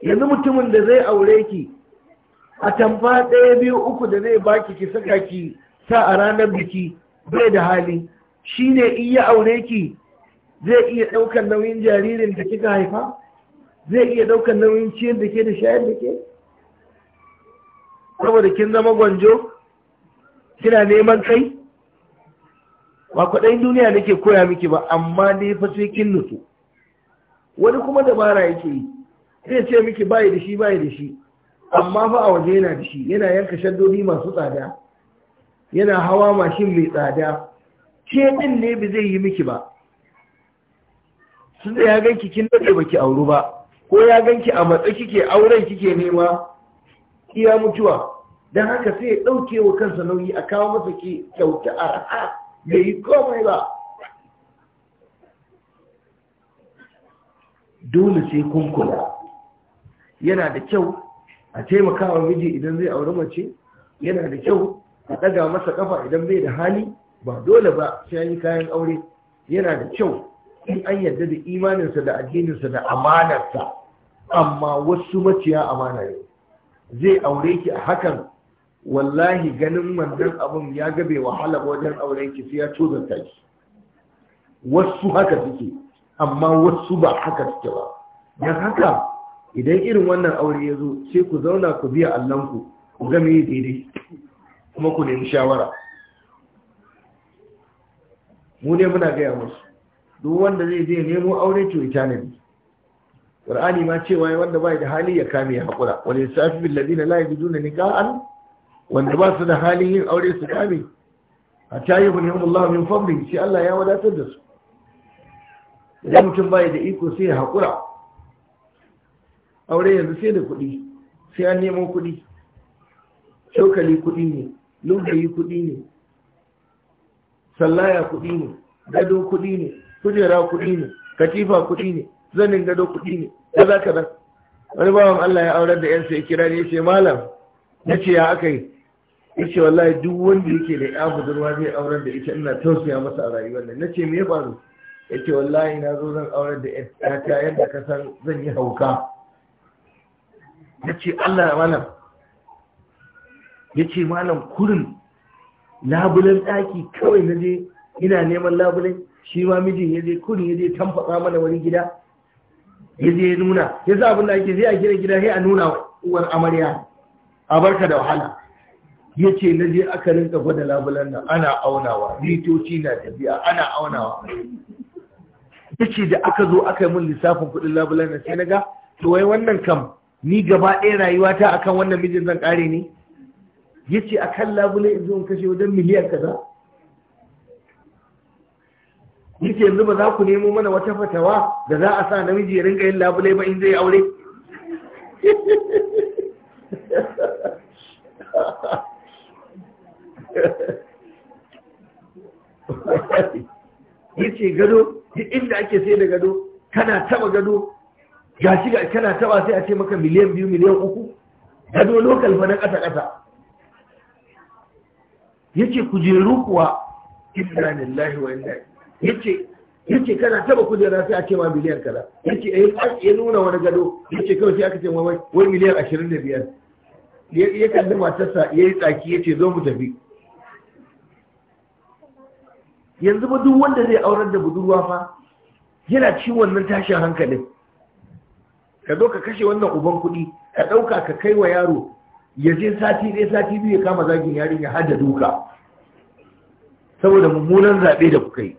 S1: yanzu mutumin da zai aure ki a tamfa ɗaya biyu uku da zai baki ki saka ki sa a ranar biki bai da hali shi ne iya aure ki zai iya ɗaukar nauyin jaririn da kika haifa zai iya ɗaukar nauyin ciyar da ke da shayar da ke saboda kin zama gwanjo kina neman kai ba kwaɗayin duniya nake koya miki ba amma dai fa sai kin nutsu wani kuma dabara yake yi zai ce miki bayi da shi bayi da shi amma fa a waje yana da shi yana yanka shaddodi masu tsada yana hawa mashin mai tsada ke din ne ba zai yi miki ba sun da ya ganki kin dade baki auru ba ko ya ki a matsa kike auren kike nema iya mutuwa don haka sai ya dauke wa kansa nauyi a kawo masa ki kyauta ra'a bai yi komai ba dole sai kun yana da kyau a taimakawa miji idan zai auri mace yana da kyau a ɗaga masa ƙafa idan bai da hali ba dole ba sai an kayan aure yana da kyau in an yarda da imaninsa da addininsa da amanarsa amma wasu maciya amana ne zai aure ki a hakan wallahi ganin wannan abun ya gabe wahala wajen aure ki sai ya tozarta ki wasu haka suke amma wasu ba haka suke ba don haka idan irin wannan aure ya zo sai ku zauna ku biya allanku ku ga me daidai kuma ku nemi shawara mu ne muna gaya musu duk wanda zai je nemo aure to ita ne Qur'ani ma cewa wanda bai da hali ya kame ya hakura wani safi bil ladina la yajiduna nikahan wanda ba su da halin yin aure su kame hatta yughnihum Allah min fadli shi Allah ya wadatar da su idan mutum bai da iko sai ya hakura aure yanzu sai da kuɗi sai an nemo kuɗi cokali kuɗi ne lokaci kuɗi ne sallaya kuɗi ne gado kuɗi ne kujera kuɗi ne katifa kuɗi ne zanin gado kuɗi ne ya za ka wani bawan Allah ya aurar da yansa ya kira ne ce malam ya ce ya aka yi ya ce wallahi duk wanda yake da ya budurwa zai aurar da ita ina tausaya masa a rayuwar nan na ce me ya faru ya ce wallahi na zo zan aurar da ta yadda ka san zan yi hauka na ce Allah ya malam ya ce malam kurin labulen ɗaki kawai na je ina neman labulen shi ma mijin ya je kurin ya je tamfasa mana wani gida ya je nuna ya sa abin da ake zai a gina gida sai a nuna uwar amarya a barka da wahala ya ce na je aka rinka gwada labulen nan ana aunawa litoci na tafiya ana aunawa ya ce da aka zo aka yi min lissafin kuɗin labulen nan sai na ga to wai wannan kam ni gaba ɗaya rayuwa ta akan wannan mijin zan ƙare ne ya ce a kan labule in zo in kashe wajen miliyan kaza ya ce yanzu ba za ku nemo mana wata fatawa da za a sa namiji ya rinka yin labule ba in zai aure ya ce gado inda ake sai da gado kana taba gado ga shi ga kana taba sai a ce maka miliyan biyu miliyan uku gado lokal fa na ƙasa ƙasa yace kujeru kuwa inna lillahi wa inna yace yace kana taba kujera sai a ce ma miliyan kaza yace eh ya nuna wani gado yace kawai sai aka ce wai wai miliyan 25 ya kalli matarsa ya yi tsaki ya ce zo mu tafi yanzu ba duk wanda zai aurar da budurwa fa yana ciwon nan tashin hankalin ka zo ka kashe wannan uban kuɗi ka ɗauka ka kai wa yaro ya je sati ɗaya sati biyu ya kama zagin yarin ya hada duka saboda mummunan zaɓe da kuka yi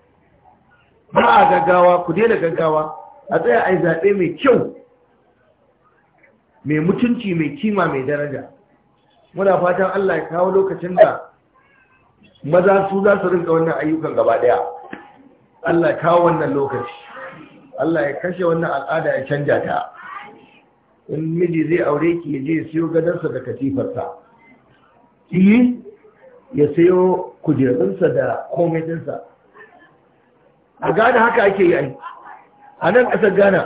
S1: ba a gaggawa ku daina gaggawa a tsaya a yi zaɓe mai kyau mai mutunci mai kima mai daraja muna fatan Allah ya kawo lokacin da maza su za su rinka wannan ayyukan gaba ɗaya Allah ya kawo wannan lokaci Allah ya kashe wannan al'ada ya canja ta in miji zai aure ki ya je siyo gadansa da katifarsa yi ya sayo kujerunsa da komai dinsa a gane haka ake yi a nan ƙasar ghana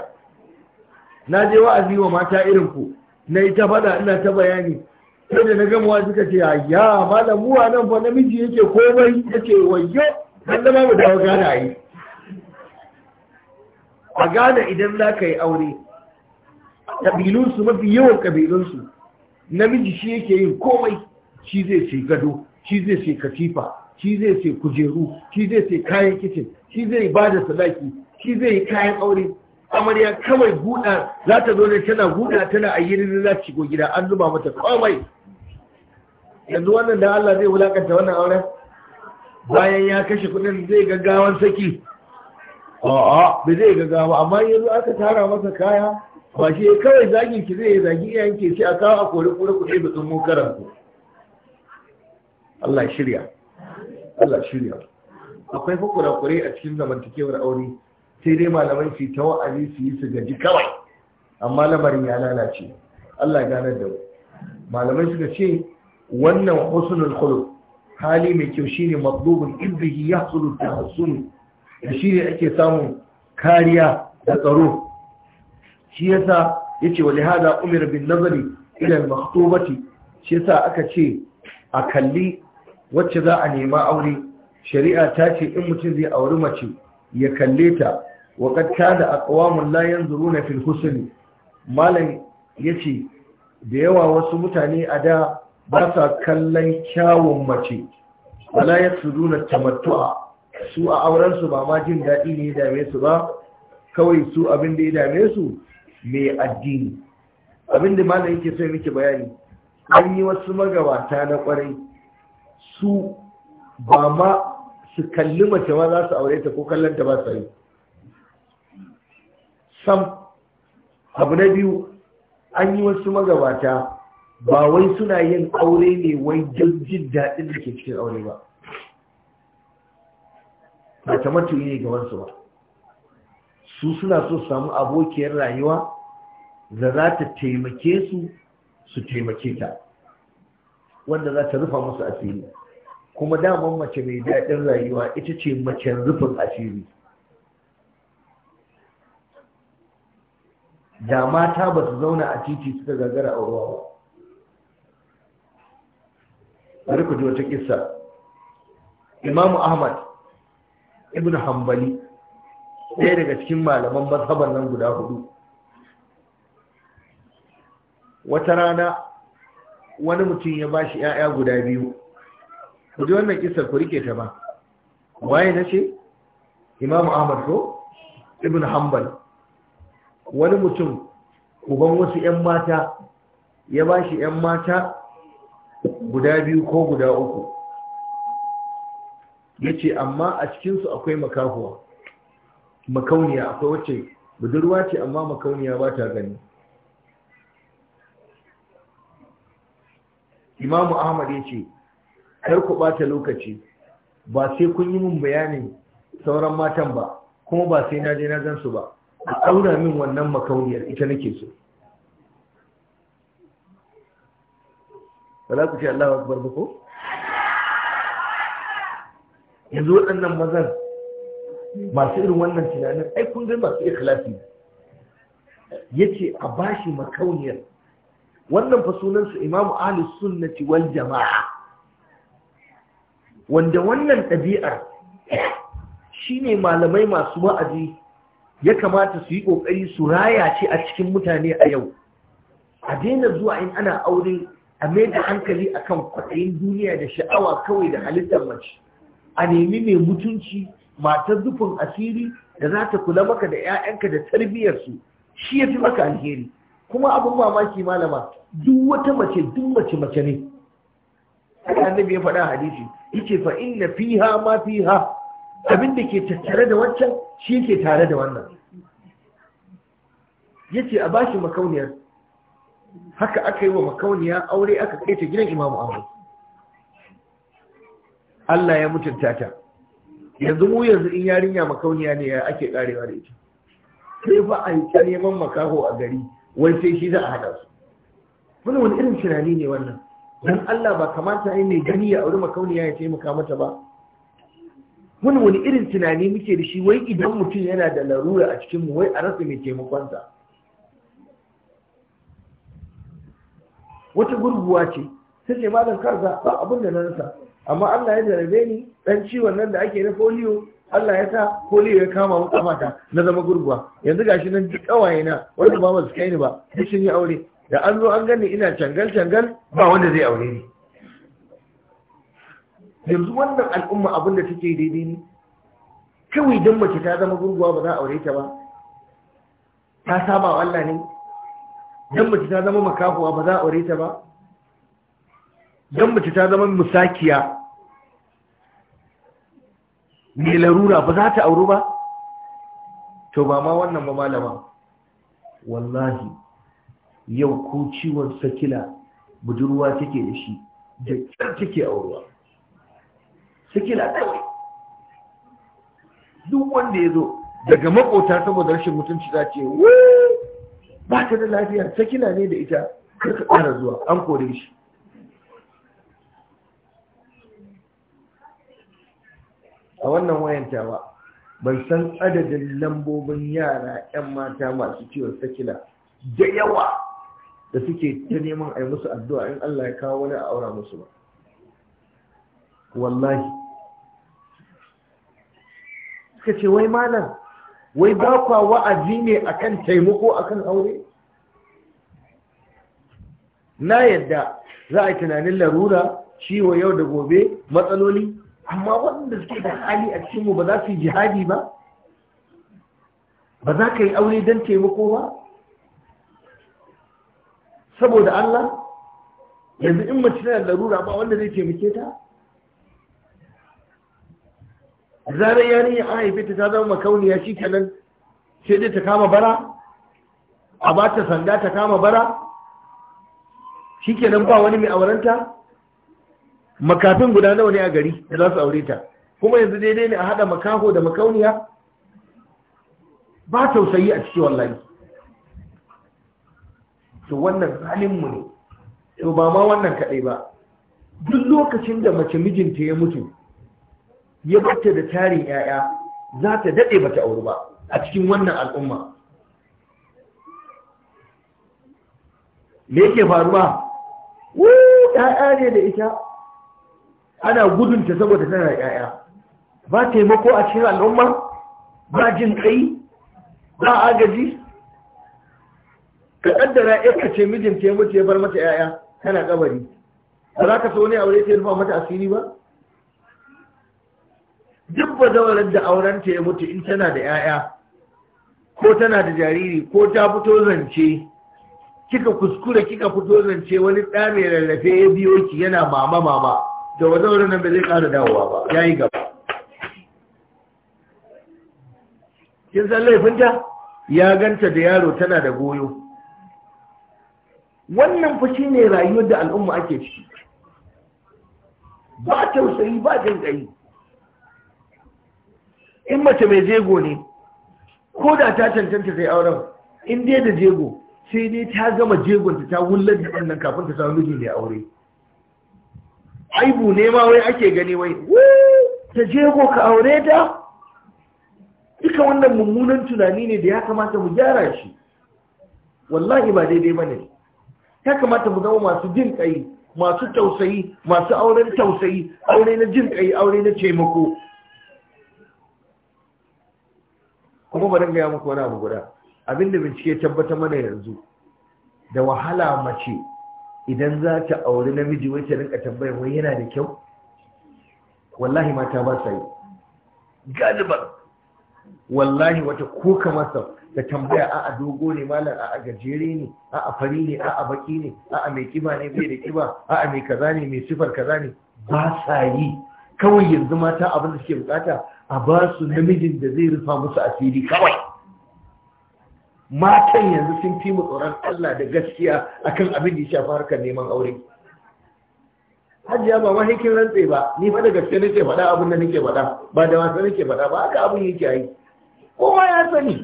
S1: na je wa'azi wa mata irin ku na yi ta fada ina ta bayani sai da na gama suka ce ya malamu a nan fa namiji yake komai yake wayyo dan zama mu dawo gane a yi a gane idan za ka yi aure ƙabilunsu mafi yawan ƙabilunsu namiji shi yake yin komai shi zai sai gado shi zai sai katifa shi zai sai kujeru shi zai sai kayan kicin shi zai ba da salaki shi zai yi kayan aure amarya kawai buɗa za ta zo ne tana buɗa tana yi za ta shigo gida an zuba mata komai yanzu wannan da Allah zai wulakanta wannan auren bayan ya kashe kudin zai gaggawan saki a'a bai zai gaggawa amma yanzu aka tara masa kaya ba shi kawai zagin ki zai zagi iyayen ki sai a kawo a kore kore kuɗi da tsun munkaran ku Allah shirya Allah shirya akwai hukura kure a cikin zamantakewar aure sai dai malamai su ta wa'azi su yi su gaji kawai amma lamarin ya lalace Allah gane da mu malamai suka ce wannan husnul khuluq hali mai kyau shine matlubun ibdihi yahsulu tahassum shine ake samun kariya da tsaro shi yasa yace wali hada umira bin nazari ila al-makhtubati shi yasa aka ce a kalli wacce za a nema aure shari'a ta ce in mutum zai auri mace ya kalle ta wa kad kana aqwamun la yanzuruna fil husn malam yace da yawa wasu mutane a da ba sa kallon kyawun mace wala yasuduna tamattu'a su a auren su ba ma jin daɗi ne ya dame su ba kawai su abin da ya dame su mai addini abinda malami yake so miki bayani an yi wasu magabata na kwarai su ba ma su kalli mace ma za su aure ta ko kallon ta ba su yi sam abu na biyu an yi wasu magabata ba wai suna yin aure ne wai jin daɗin da ke cikin aure ba ba ta matuyi ne ga gabansu ba su suna so samu abokiyar rayuwa da za ta taimake su su taimake ta wanda za ta rufa musu asiri kuma daman mace mai daɗin rayuwa ita ce macen rufin asiri da mata ba su zauna a titi suka gagara a ruwa ba a ku ji wata kisa imamu ahmad ibn hanbali ɗaya daga cikin malaman mazhabar nan guda hudu wata rana wani mutum ya ba shi ‘ya'ya guda biyu ku ji wannan kisar ku rike ta ba waye na ce imamu ahmad ko ibn hanbal wani mutum kuban wasu ‘yan mata ya ba shi ‘yan mata guda biyu ko guda uku ya ce amma a cikinsu akwai makahuwa makauniya akwai wacce budurwa ce amma makauniya ba ta gani imamu ahmad ya ce kar ku bata lokaci ba sai kun yi min bayani sauran matan ba kuma ba sai na je na gan ba ku ɗaura min wannan makauniyar ita nake so ba za ku ce Allah akbar ba ko yanzu waɗannan mazan masu irin wannan tunanin ai kun ga masu ikhlasi yace a bashi makauniyar wannan fa imamu ahli sunnati wal jama'a wanda wannan ɗabi'ar shine malamai masu wa'azi ya kamata su yi ƙoƙari su raya ce a cikin mutane a yau a daina zuwa in ana aure a mai da hankali akan kwaɗayin duniya da sha'awa kawai da halittar mace a nemi mai mutunci matar zufin asiri da za ta kula maka da 'ya'yanka da su, shi ya fi maka alheri kuma abin mamaki malama duk wata mace duk mace mace ne haka annabi ya faɗa hadisi yace fa inna fiha ma fiha abin da ke tattare da wancan shi ke tare da wannan yace a bashi makauniyar haka aka yi wa makauniya aure aka kai ta gidan imamu Ahmad Allah ya mutunta ta yanzu mu yanzu in yarinya makauniya ne ake karewa da ita sai fa a yi neman makaho a gari wai sai shi za a haɗa su wani wani irin tunani ne wannan don Allah ba kamata yi mai gani ya auri makauniya ya taimaka mata ba wani wani irin tunani muke da shi wai idan mutum yana da larura a cikinmu wai a rasa mai taimakonsa wata gurguwa ce sai ce malam karza ba abin da na rasa amma Allah ya jarabe ni dan ciwon nan da ake na foliyo. Allah ya sa koli ya kama mu kamata na zama gurguwa yanzu gashi nan duk kawaye na wanda ba su kai ni ba duk sun yi aure da an zo an gani ina cangal cangal ba wanda zai aure ni yanzu wannan al'umma abin da take daidai ne kawai dan mace ta zama gurguwa ba za a aure ta ba ta saba wa Allah ne dan mace ta zama makafuwa ba za a aure ta ba dan mace ta zama musakiya mai larura ba za ta auru ba to ba ma wannan ba malama wallahi yau ko ciwon sakila budurwa take da shi da kyar take auruwa sakila kawai duk wanda ya zo daga makota saboda rashin mutunci za ce ba ta da lafiya sakila ne da ita karka ƙara zuwa an kore shi a wannan wayan ba, ban san adadin lambobin yara 'yan mata masu ciwon sakila da yawa da suke ta neman a yi musu addu'a in Allah ya kawo wani a aura musu ba wallahi suka ce wai malam wai bakwa wa'azi ne akan taimako akan aure na yadda za a yi tunanin larura ciwo yau da gobe matsaloli amma wanda suke da hali a cikin mu ba za su yi jihadi ba ba za ka yi aure don taimako ba saboda Allah yanzu in mace tana larura ba wanda zai taimake ta zarar yarinya an haife ta ta zama makauniya shi kenan sai dai ta kama bara a ba ta sanda ta kama bara shi kenan ba wani mai aurenta makafin guda nawa ne a gari da za su aure ta kuma yanzu daidai ne a haɗa makaho da makauniya ba tausayi a cikin wallahi to wannan mu ne to ba ma wannan kaɗai ba duk lokacin da mace mijinta ya mutu ya bata da tarin ‘ya'ya za ta daɗe bata auri ba a cikin wannan al'umma me yake faruwa wuu ‘ya'ya ne da ita ana gudunta saboda tana yaya ba taimako a cikin al'umma ba jin kai ba agaji ka kaddara ya ce mijin ta mutu ya bar mata yaya tana kabari ba za ka so ne aure ta rufa mata asiri ba duk ba zawarar da auren ta ya mutu in tana da yaya ko tana da jariri ko ta fito zance kika kuskure kika fito zance wani ɗa mai rarrafe ya biyo ki yana mama mama da wazaurin nan ba zai kara dawowa ba ya yi gaba kin san laifinta ya ganta da yaro tana da goyo wannan fa ne rayuwar da al'umma ake ciki ba tausayi ba jin ƙayi in mace mai jego ne ko da ta cancanta sai auren in dai da jego sai dai ta gama jegonta ta wullar da wannan kafin ta samu miji mai aure aibu ne ma wai ake gani wai ta je ko ka aure ta duka wannan mummunan tunani ne da ya kamata mu gyara shi wallahi ba daidai bane ya kamata mu zama masu jin kai masu tausayi masu auren tausayi aure na jin kai aure na taimako kuma ba gaya muku wani abu guda abinda bincike tabbata mana yanzu da wahala mace idan za ta auri namiji wai ta rinka tambayar wai yana da kyau wallahi mata ba sa yi wallahi wata ko masa ta tambaya a'a dogo ne malam 'a gajere ne a fari ne a'a baki ne a'a mai kiba ne bai da kiba a'a mai kaza ne mai sifar kaza ne ba sa yi kawai yanzu mata abin da suke bukata a ba su namijin da zai rufa musu asiri kawai matan yanzu sun fi mu tsoron Allah da gaskiya akan abin da ya shafi harkar neman aure hajiya ba ma hikin rantse ba ni fa da gaske nake faɗa abin da nake faɗa ba da wasa nake faɗa ba haka abin yake yi kowa ya sani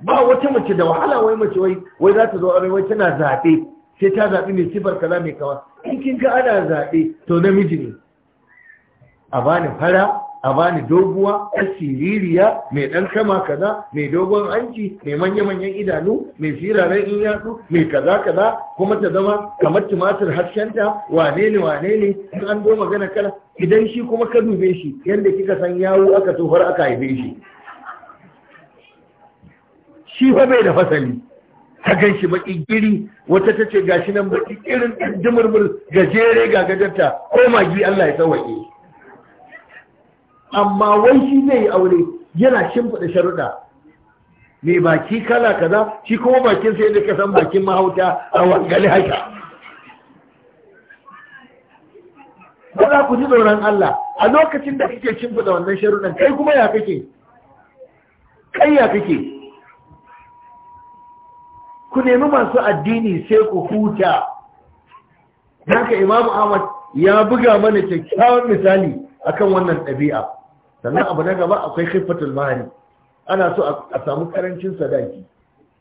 S1: ba wata mace da wahala wai mace wai wai za ta zo aure wai tana zaɓe sai ta zaɓi mai sifar kaza mai kawa in kin ga ana zaɓe to namiji ne a bani fara a bani doguwa ɗan siririya mai ɗan sama kaza mai dogon anki, mai manya-manyan idanu mai siraren in yatsu mai kaza kaza kuma ta zama kamar tumatir harshenta wane ne wane ne in an zo magana kala idan shi kuma ka dube shi yadda kika san yawo aka tofar aka haife shi shi fa bai da fasali ta gan shi baki giri wata ta ce gashi nan baki irin dimurmur gajere ga gajarta ko magi Allah ya tsawaye amma wai shi zai yi aure yana shimfiɗa sharuɗa mai baki kala kaza shi kuma bakin sai da kasan bakin mahauta a wangale haka ba za ku ji tsoron Allah a lokacin da kake shimfiɗa wannan sharuɗan kai kuma ya kake kai ya kake ku nemi masu addini sai ku huta haka imamu ahmad ya buga mana kyakkyawan misali akan wannan ɗabi'a sannan abu na gaba akwai khifatul mahari ana so a samu karancin sadaki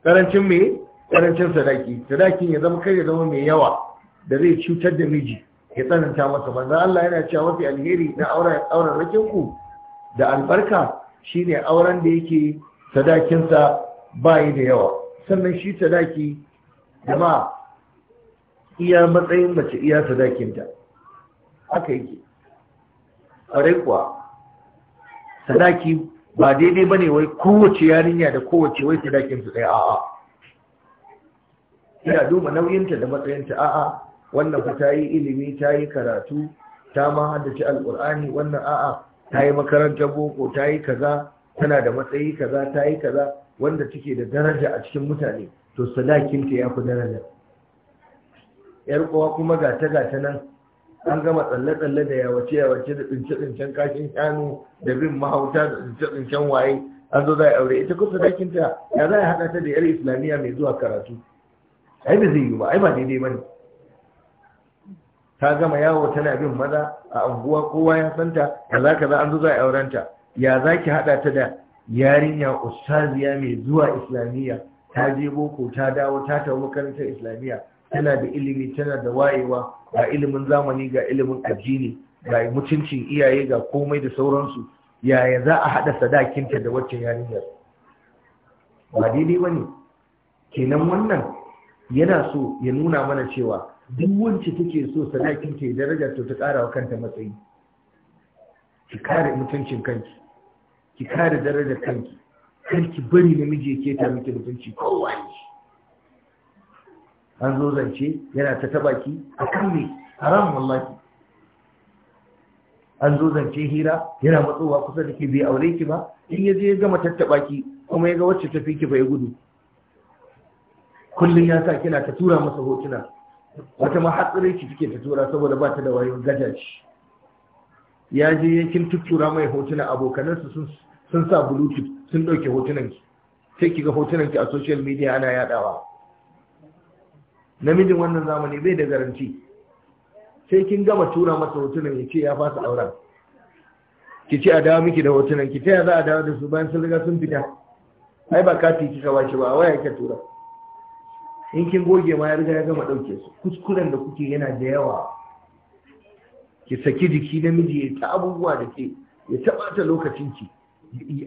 S1: karancin me karancin sadaki sadakin ya zama kai ya zama mai yawa da zai cutar da miji ya tsananta masa manzo Allah yana cewa mafi alheri na auren auren rakin ku da albarka shine auren da yake sadakin sa bai da yawa sannan shi sadaki jama'a iya matsayin mace iya sadakinta haka yake a kuwa sadaki ba daidai ba ne wai kowace yarinya da kowace wai sadakin su ɗaya a'a ina duba nauyinta da matsayinta a'a wannan ku ta yi ilimi ta yi karatu ta ma haddace alƙur'ani wannan a'a ta yi makarantar boko ta yi kaza tana da matsayi kaza ta yi kaza wanda take da daraja a cikin mutane to sadakinta ya fi daraja yar kowa kuma gata gata nan an gama tsalle-tsalle da yawace-yawace da tsince-tsincen kashin shanu da bin mahauta da tsince-tsincen waye an zo za a aure ita kusa dakinta ya za a haɗa ta da yar islamiyya mai zuwa karatu ai ba zai yi ba ai ba daidai ba ne ta gama yawo tana bin maza a anguwa kowa ya santa kaza kaza an zo za a aurenta ya za ki haɗa ta da yarinya ustaziya mai zuwa islamiyya ta je boko ta dawo ta tafi makarantar islamiyya tana da ilimi tana da wayewa ga ilimin zamani ga ilimin addini ga mutuncin iyaye ga komai da sauransu yaya za a haɗa sadakinta da waccan yarinyar ba daidai ba ne kenan wannan yana so ya nuna mana cewa duk wacce take so sadakin ya daraja to ta ƙara wa kanta matsayi ki kare mutuncin kanki ki kare darajar kanki kanki bari namiji ya keta miki mutunci kowa ne an zo zance yana ta ki a kan me haram wallahi an zo zance hira yana matsowa kusa da ke bai aure ki ba in ya je ya gama tattaba ki kuma ya ga wacce tafi ki bai gudu kullum ya sa kina ta tura masa hotuna wata ma hatsarin ki take ta tura saboda ba ta da wayo gajaci ya je ya kin tuttura mai hotuna abokanansu sun sun sa bluetooth sun dauke hotunan ki sai ki ga hotunan ki a social media ana yadawa namijin wannan zamani zai da garanti sai kin gama tura masa hotunan ya ce ya fasa auren ki ce a dawo miki da hotunan ki ta za a dawo da su bayan sun riga sun fita ai ba kati ki ba ba waya ka tura in kin goge ma ya riga ya gama ɗauke, su kuskuren da kuke yana da yawa ki saki jiki namiji ya ta abubuwa da ke ya taba ta lokacin ki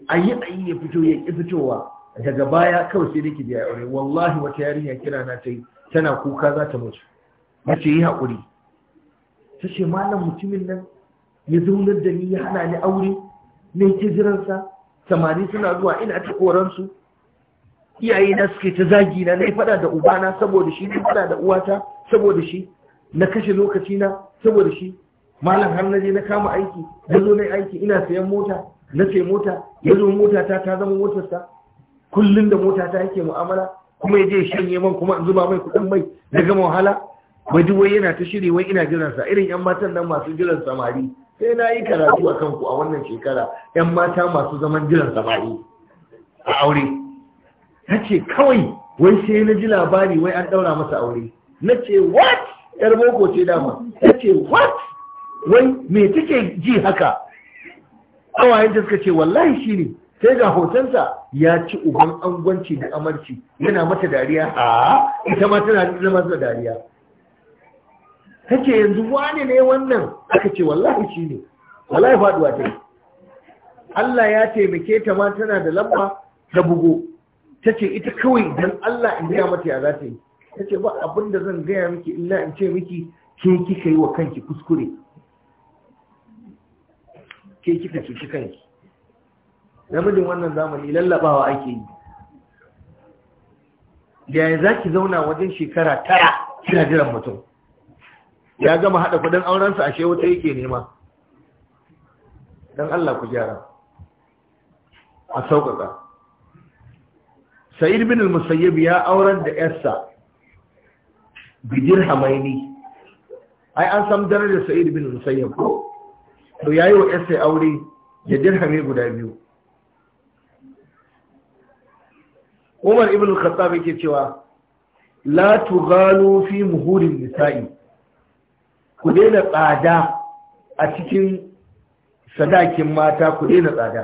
S1: ayi ayi ya fito ya ƙi fitowa daga baya kawai sai ki da aure wallahi wata yarinya kira na ta yi tana kuka za ta mutu mace yi haƙuri ta ce malam mutumin nan ya zaunar da ni ya hana ni aure na yake jiransa samari suna zuwa ina ta koransu iyaye na suke ta zagi na na yi fada da ubana saboda shi na fada da uwata saboda shi na kashe lokaci na saboda shi malam har na je na kama aiki na zo na aiki ina sayan mota na sayi mota ya zo mota ta ta zama motarsa kullum da mota ta yake mu'amala kuma ya je shanye man kuma in zuba mai kuɗin mai na gama wahala ba duk wai yana ta shiri wai ina jiran sa irin yan matan nan masu jiran samari sai na yi karatu a kanku a wannan shekara yan mata masu zaman jiran samari a aure ta ce kawai wai sai na ji labari wai an ɗaura masa aure na ce what yar boko ce dama ta ce what wai me take ji haka awayen ta suka ce wallahi shine sai ga hotonta ya ci uban angwanci da amarci yana mata dariya a ita ma tana da mata dariya ta ce yanzu wane ne wannan aka ce wallahi shi ne wallahi faduwa ta Allah ya taimake ta ma tana da lamba da bugu ta ce ita kawai don Allah in gaya mata ya za ta yi ta ce ba abin da zan gaya miki illa in ce miki ke kika yi wa kanki kuskure ke kika cuci kanki namijin wannan zamani lallabawa ake yi yaya za ki zauna wajen shekara tara kina jiran mutum ya gama haɗa kudin aurensa ashe wata yake nema don Allah ku gyara a sauƙaƙa sa'id bin al ya auren da yarsa bijir hamaini ai an san darajar sa'id bin al-musayyib ko to yayi wa yarsa aure da dirhami guda biyu umar ibn al-khattab yake cewa la tughalu fi muhurin nisa'i ku daina tsada a cikin sadakin mata ku daina tsada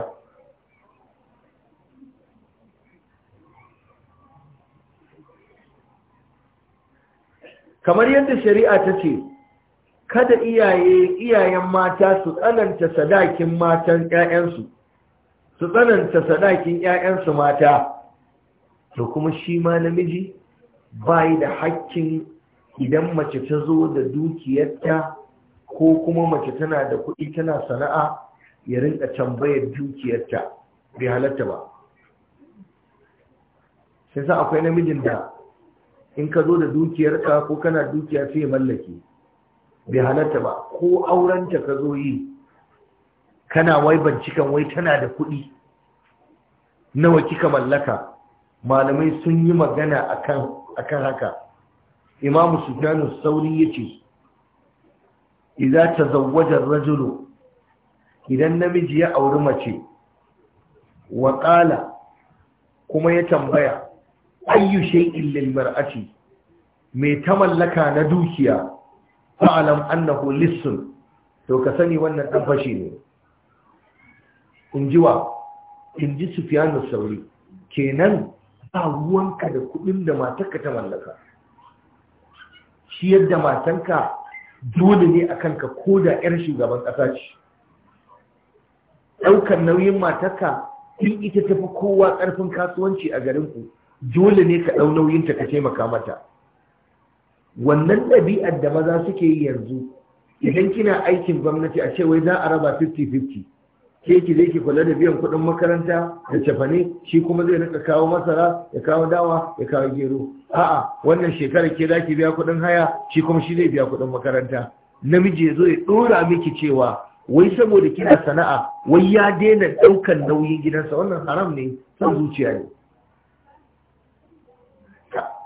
S1: kamar yadda shari'a ta ce kada iyaye iyayen mata su tsananta sadakin matan 'ya'yansu su tsananta sadakin 'ya'yansu mata to kuma shi ma namiji bayi da haƙƙin idan mace ta zo da dukiyarta ko kuma mace tana da kuɗi tana sana'a ya rinka tambayar dukiyarta bai halatta ba sai sa akwai namijin da in ka zo da dukiyarka ko kana dukiya sai mallaki. bai halatta ba ko aurenta ka zo yi kana wai bancikan wai tana da kuɗi nawa kika mallaka malamai sun yi magana akan haka imamu sufyanu sauri yace idza tazawwaja ar-rajulu idan namiji ya auri mace waƙala kuma ya tambaya ayyu shay'in lil mar'ati mai ta mallaka na dukiya fa'alam annahu lissun to ka sani wannan dan fashi ne injiwa inji sufyanu sauri kenan ba ruwanka da kuɗin da matarka ta mallaka shi yadda matanka dole ne a kanka ko da 'yar shugaban ƙasa ce ɗaukar nauyin matarka tun ita tafi kowa ƙarfin kasuwanci a garinku dole ne ka ɗau nauyinta ka taimaka mata wannan ɗabi'ar da maza suke yi yanzu idan kina aikin gwamnati a ce wai za a raba 50-50 keki zai ke kula da biyan kuɗin makaranta da cefane shi kuma zai rika kawo masara ya kawo dawa ya kawo gero a'a wannan shekarar ke zaki biya kuɗin haya shi kuma shi zai biya kuɗin makaranta namiji ya zo ya ɗora miki cewa wai saboda kina sana'a wai ya daina ɗaukan nauyin gidansa wannan haram ne son zuciya ne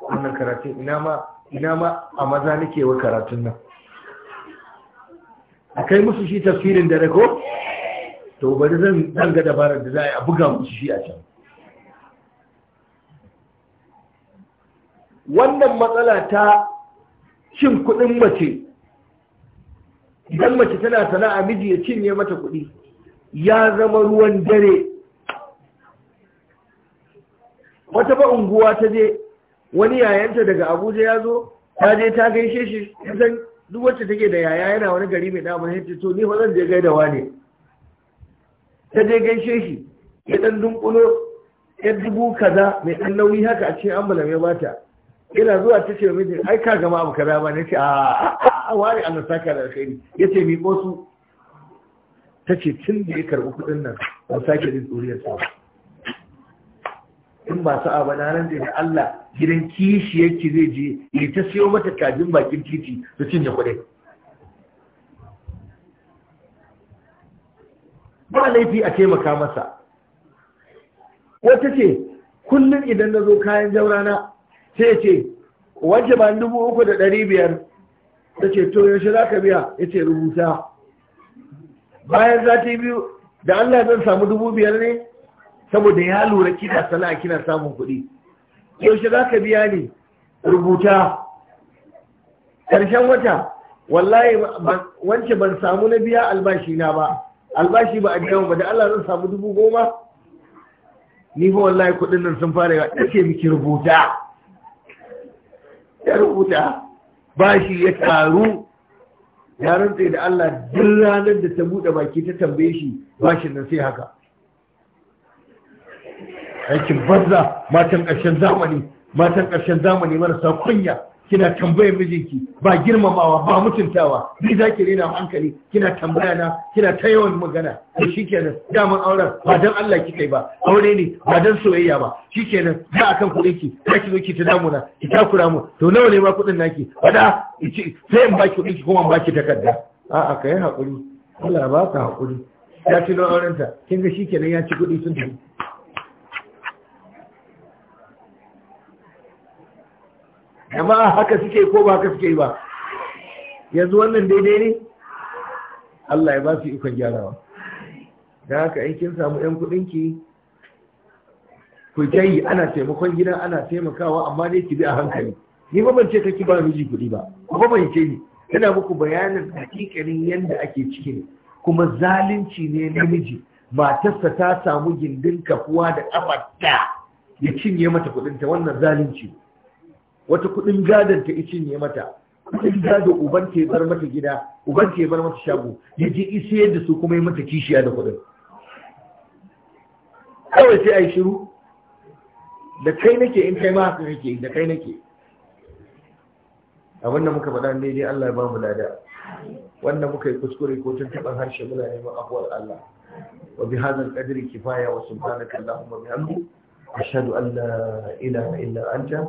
S1: wannan karatun ina ma ina ma a maza nake wa karatun nan a kai musu shi tafsirin dare ko to bari zan danga dabarar da za a a buga mu shi a can wannan matsala ta cin kuɗin mace idan mace tana sana'a miji ya cinye mata kuɗi ya zama ruwan dare wata ba unguwa ta je wani yayanta daga abuja ya zo ta je ta gaishe shi duk wacce take da yaya yana wani gari mai damar hajji to ni zan je gaida ne ta je gaishe shi ya dan dunkulo ya dubu kaza mai dan nauyi haka a cikin ambulan ya bata yana zuwa ta ce mijin ai ka gama abu kaza ba ne ce a wari an saka da alkhairi ya ce mi kosu ta ce tun da ya karɓi kuɗin nan ba sake jin tsoriyar sa in ba sa'a ba na nan da Allah gidan kishi yake zai je ya ta siyo mata kajin bakin titi su cinye kuɗin ba laifi a taimaka masa wata ce kullum idan na zo kayan jaurana sai ce wance ba dubu uku da ɗari biyar ta ce to yaushe za ka biya ya ce rubuta bayan za ta yi biyu da allah zan samu dubu biyar ne saboda ya lura kina sana'a kina samun kuɗi yaushe za ka biya ne rubuta ƙarshen wata wallahi wance ban samu na biya albashina ba albashi ba a biya ba da Allah zan samu dubu goma ni fa wallahi kuɗin nan sun fara yawa ce miki rubuta ya rubuta bashi ya taru ya rantse da Allah duk ranar da ta buɗe baki ta tambaye shi bashin nan sai haka aikin banza matan ƙarshen zamani matan ƙarshen zamani marasa kunya kina tambayar mijinki ba girmamawa ba mutuntawa ni za ki hankali kina tambaya na kina ta yawan magana to shikenan daman auren ba dan Allah kike ba aure ne ba dan soyayya ba shikenan a kan kuɗin ki za ki zo ki ta damuna ki takura mu to nawa ne ma kuɗin naki wada sai in baki kuɗin ki kuma in baki takarda a'a kai hakuri Allah ba ka hakuri ya ci auren aurenta. kin ga shikenan ya ci kuɗi sun tafi jama'a haka suke ko ba haka suke ba yanzu wannan daidai ne Allah ya ba su ikon gyarawa da haka in kin samu yan kuɗinki?
S2: ku jayi ana
S1: taimakon gida ana taimakawa amma dai ki bi a hankali ni ba ban ce ki ba miji kuɗi ba ba ban ce ni ina muku bayanin hakikanin yanda ake cikin kuma zalunci ne miji. matarsa ta samu gindin kafuwa da kafarta ya cinye mata ta wannan zalunci ne wata kuɗin gadon ta ici ne mata kuɗin gado uban ta bar mata gida uban ta bar mata shago ya je isa yadda su kuma yi mata kishiya da kuɗin kawai sai a yi shiru da kai nake in kai ma haka nake da kai nake a wannan muka faɗa ne dai Allah ya ba mu lada wannan muka yi kuskure ko tun taɓa harshe muna neman afuwar Allah wa bi hadzal qadri kifaya wa subhanaka allahumma bihamdi ashhadu an la ilaha illa anta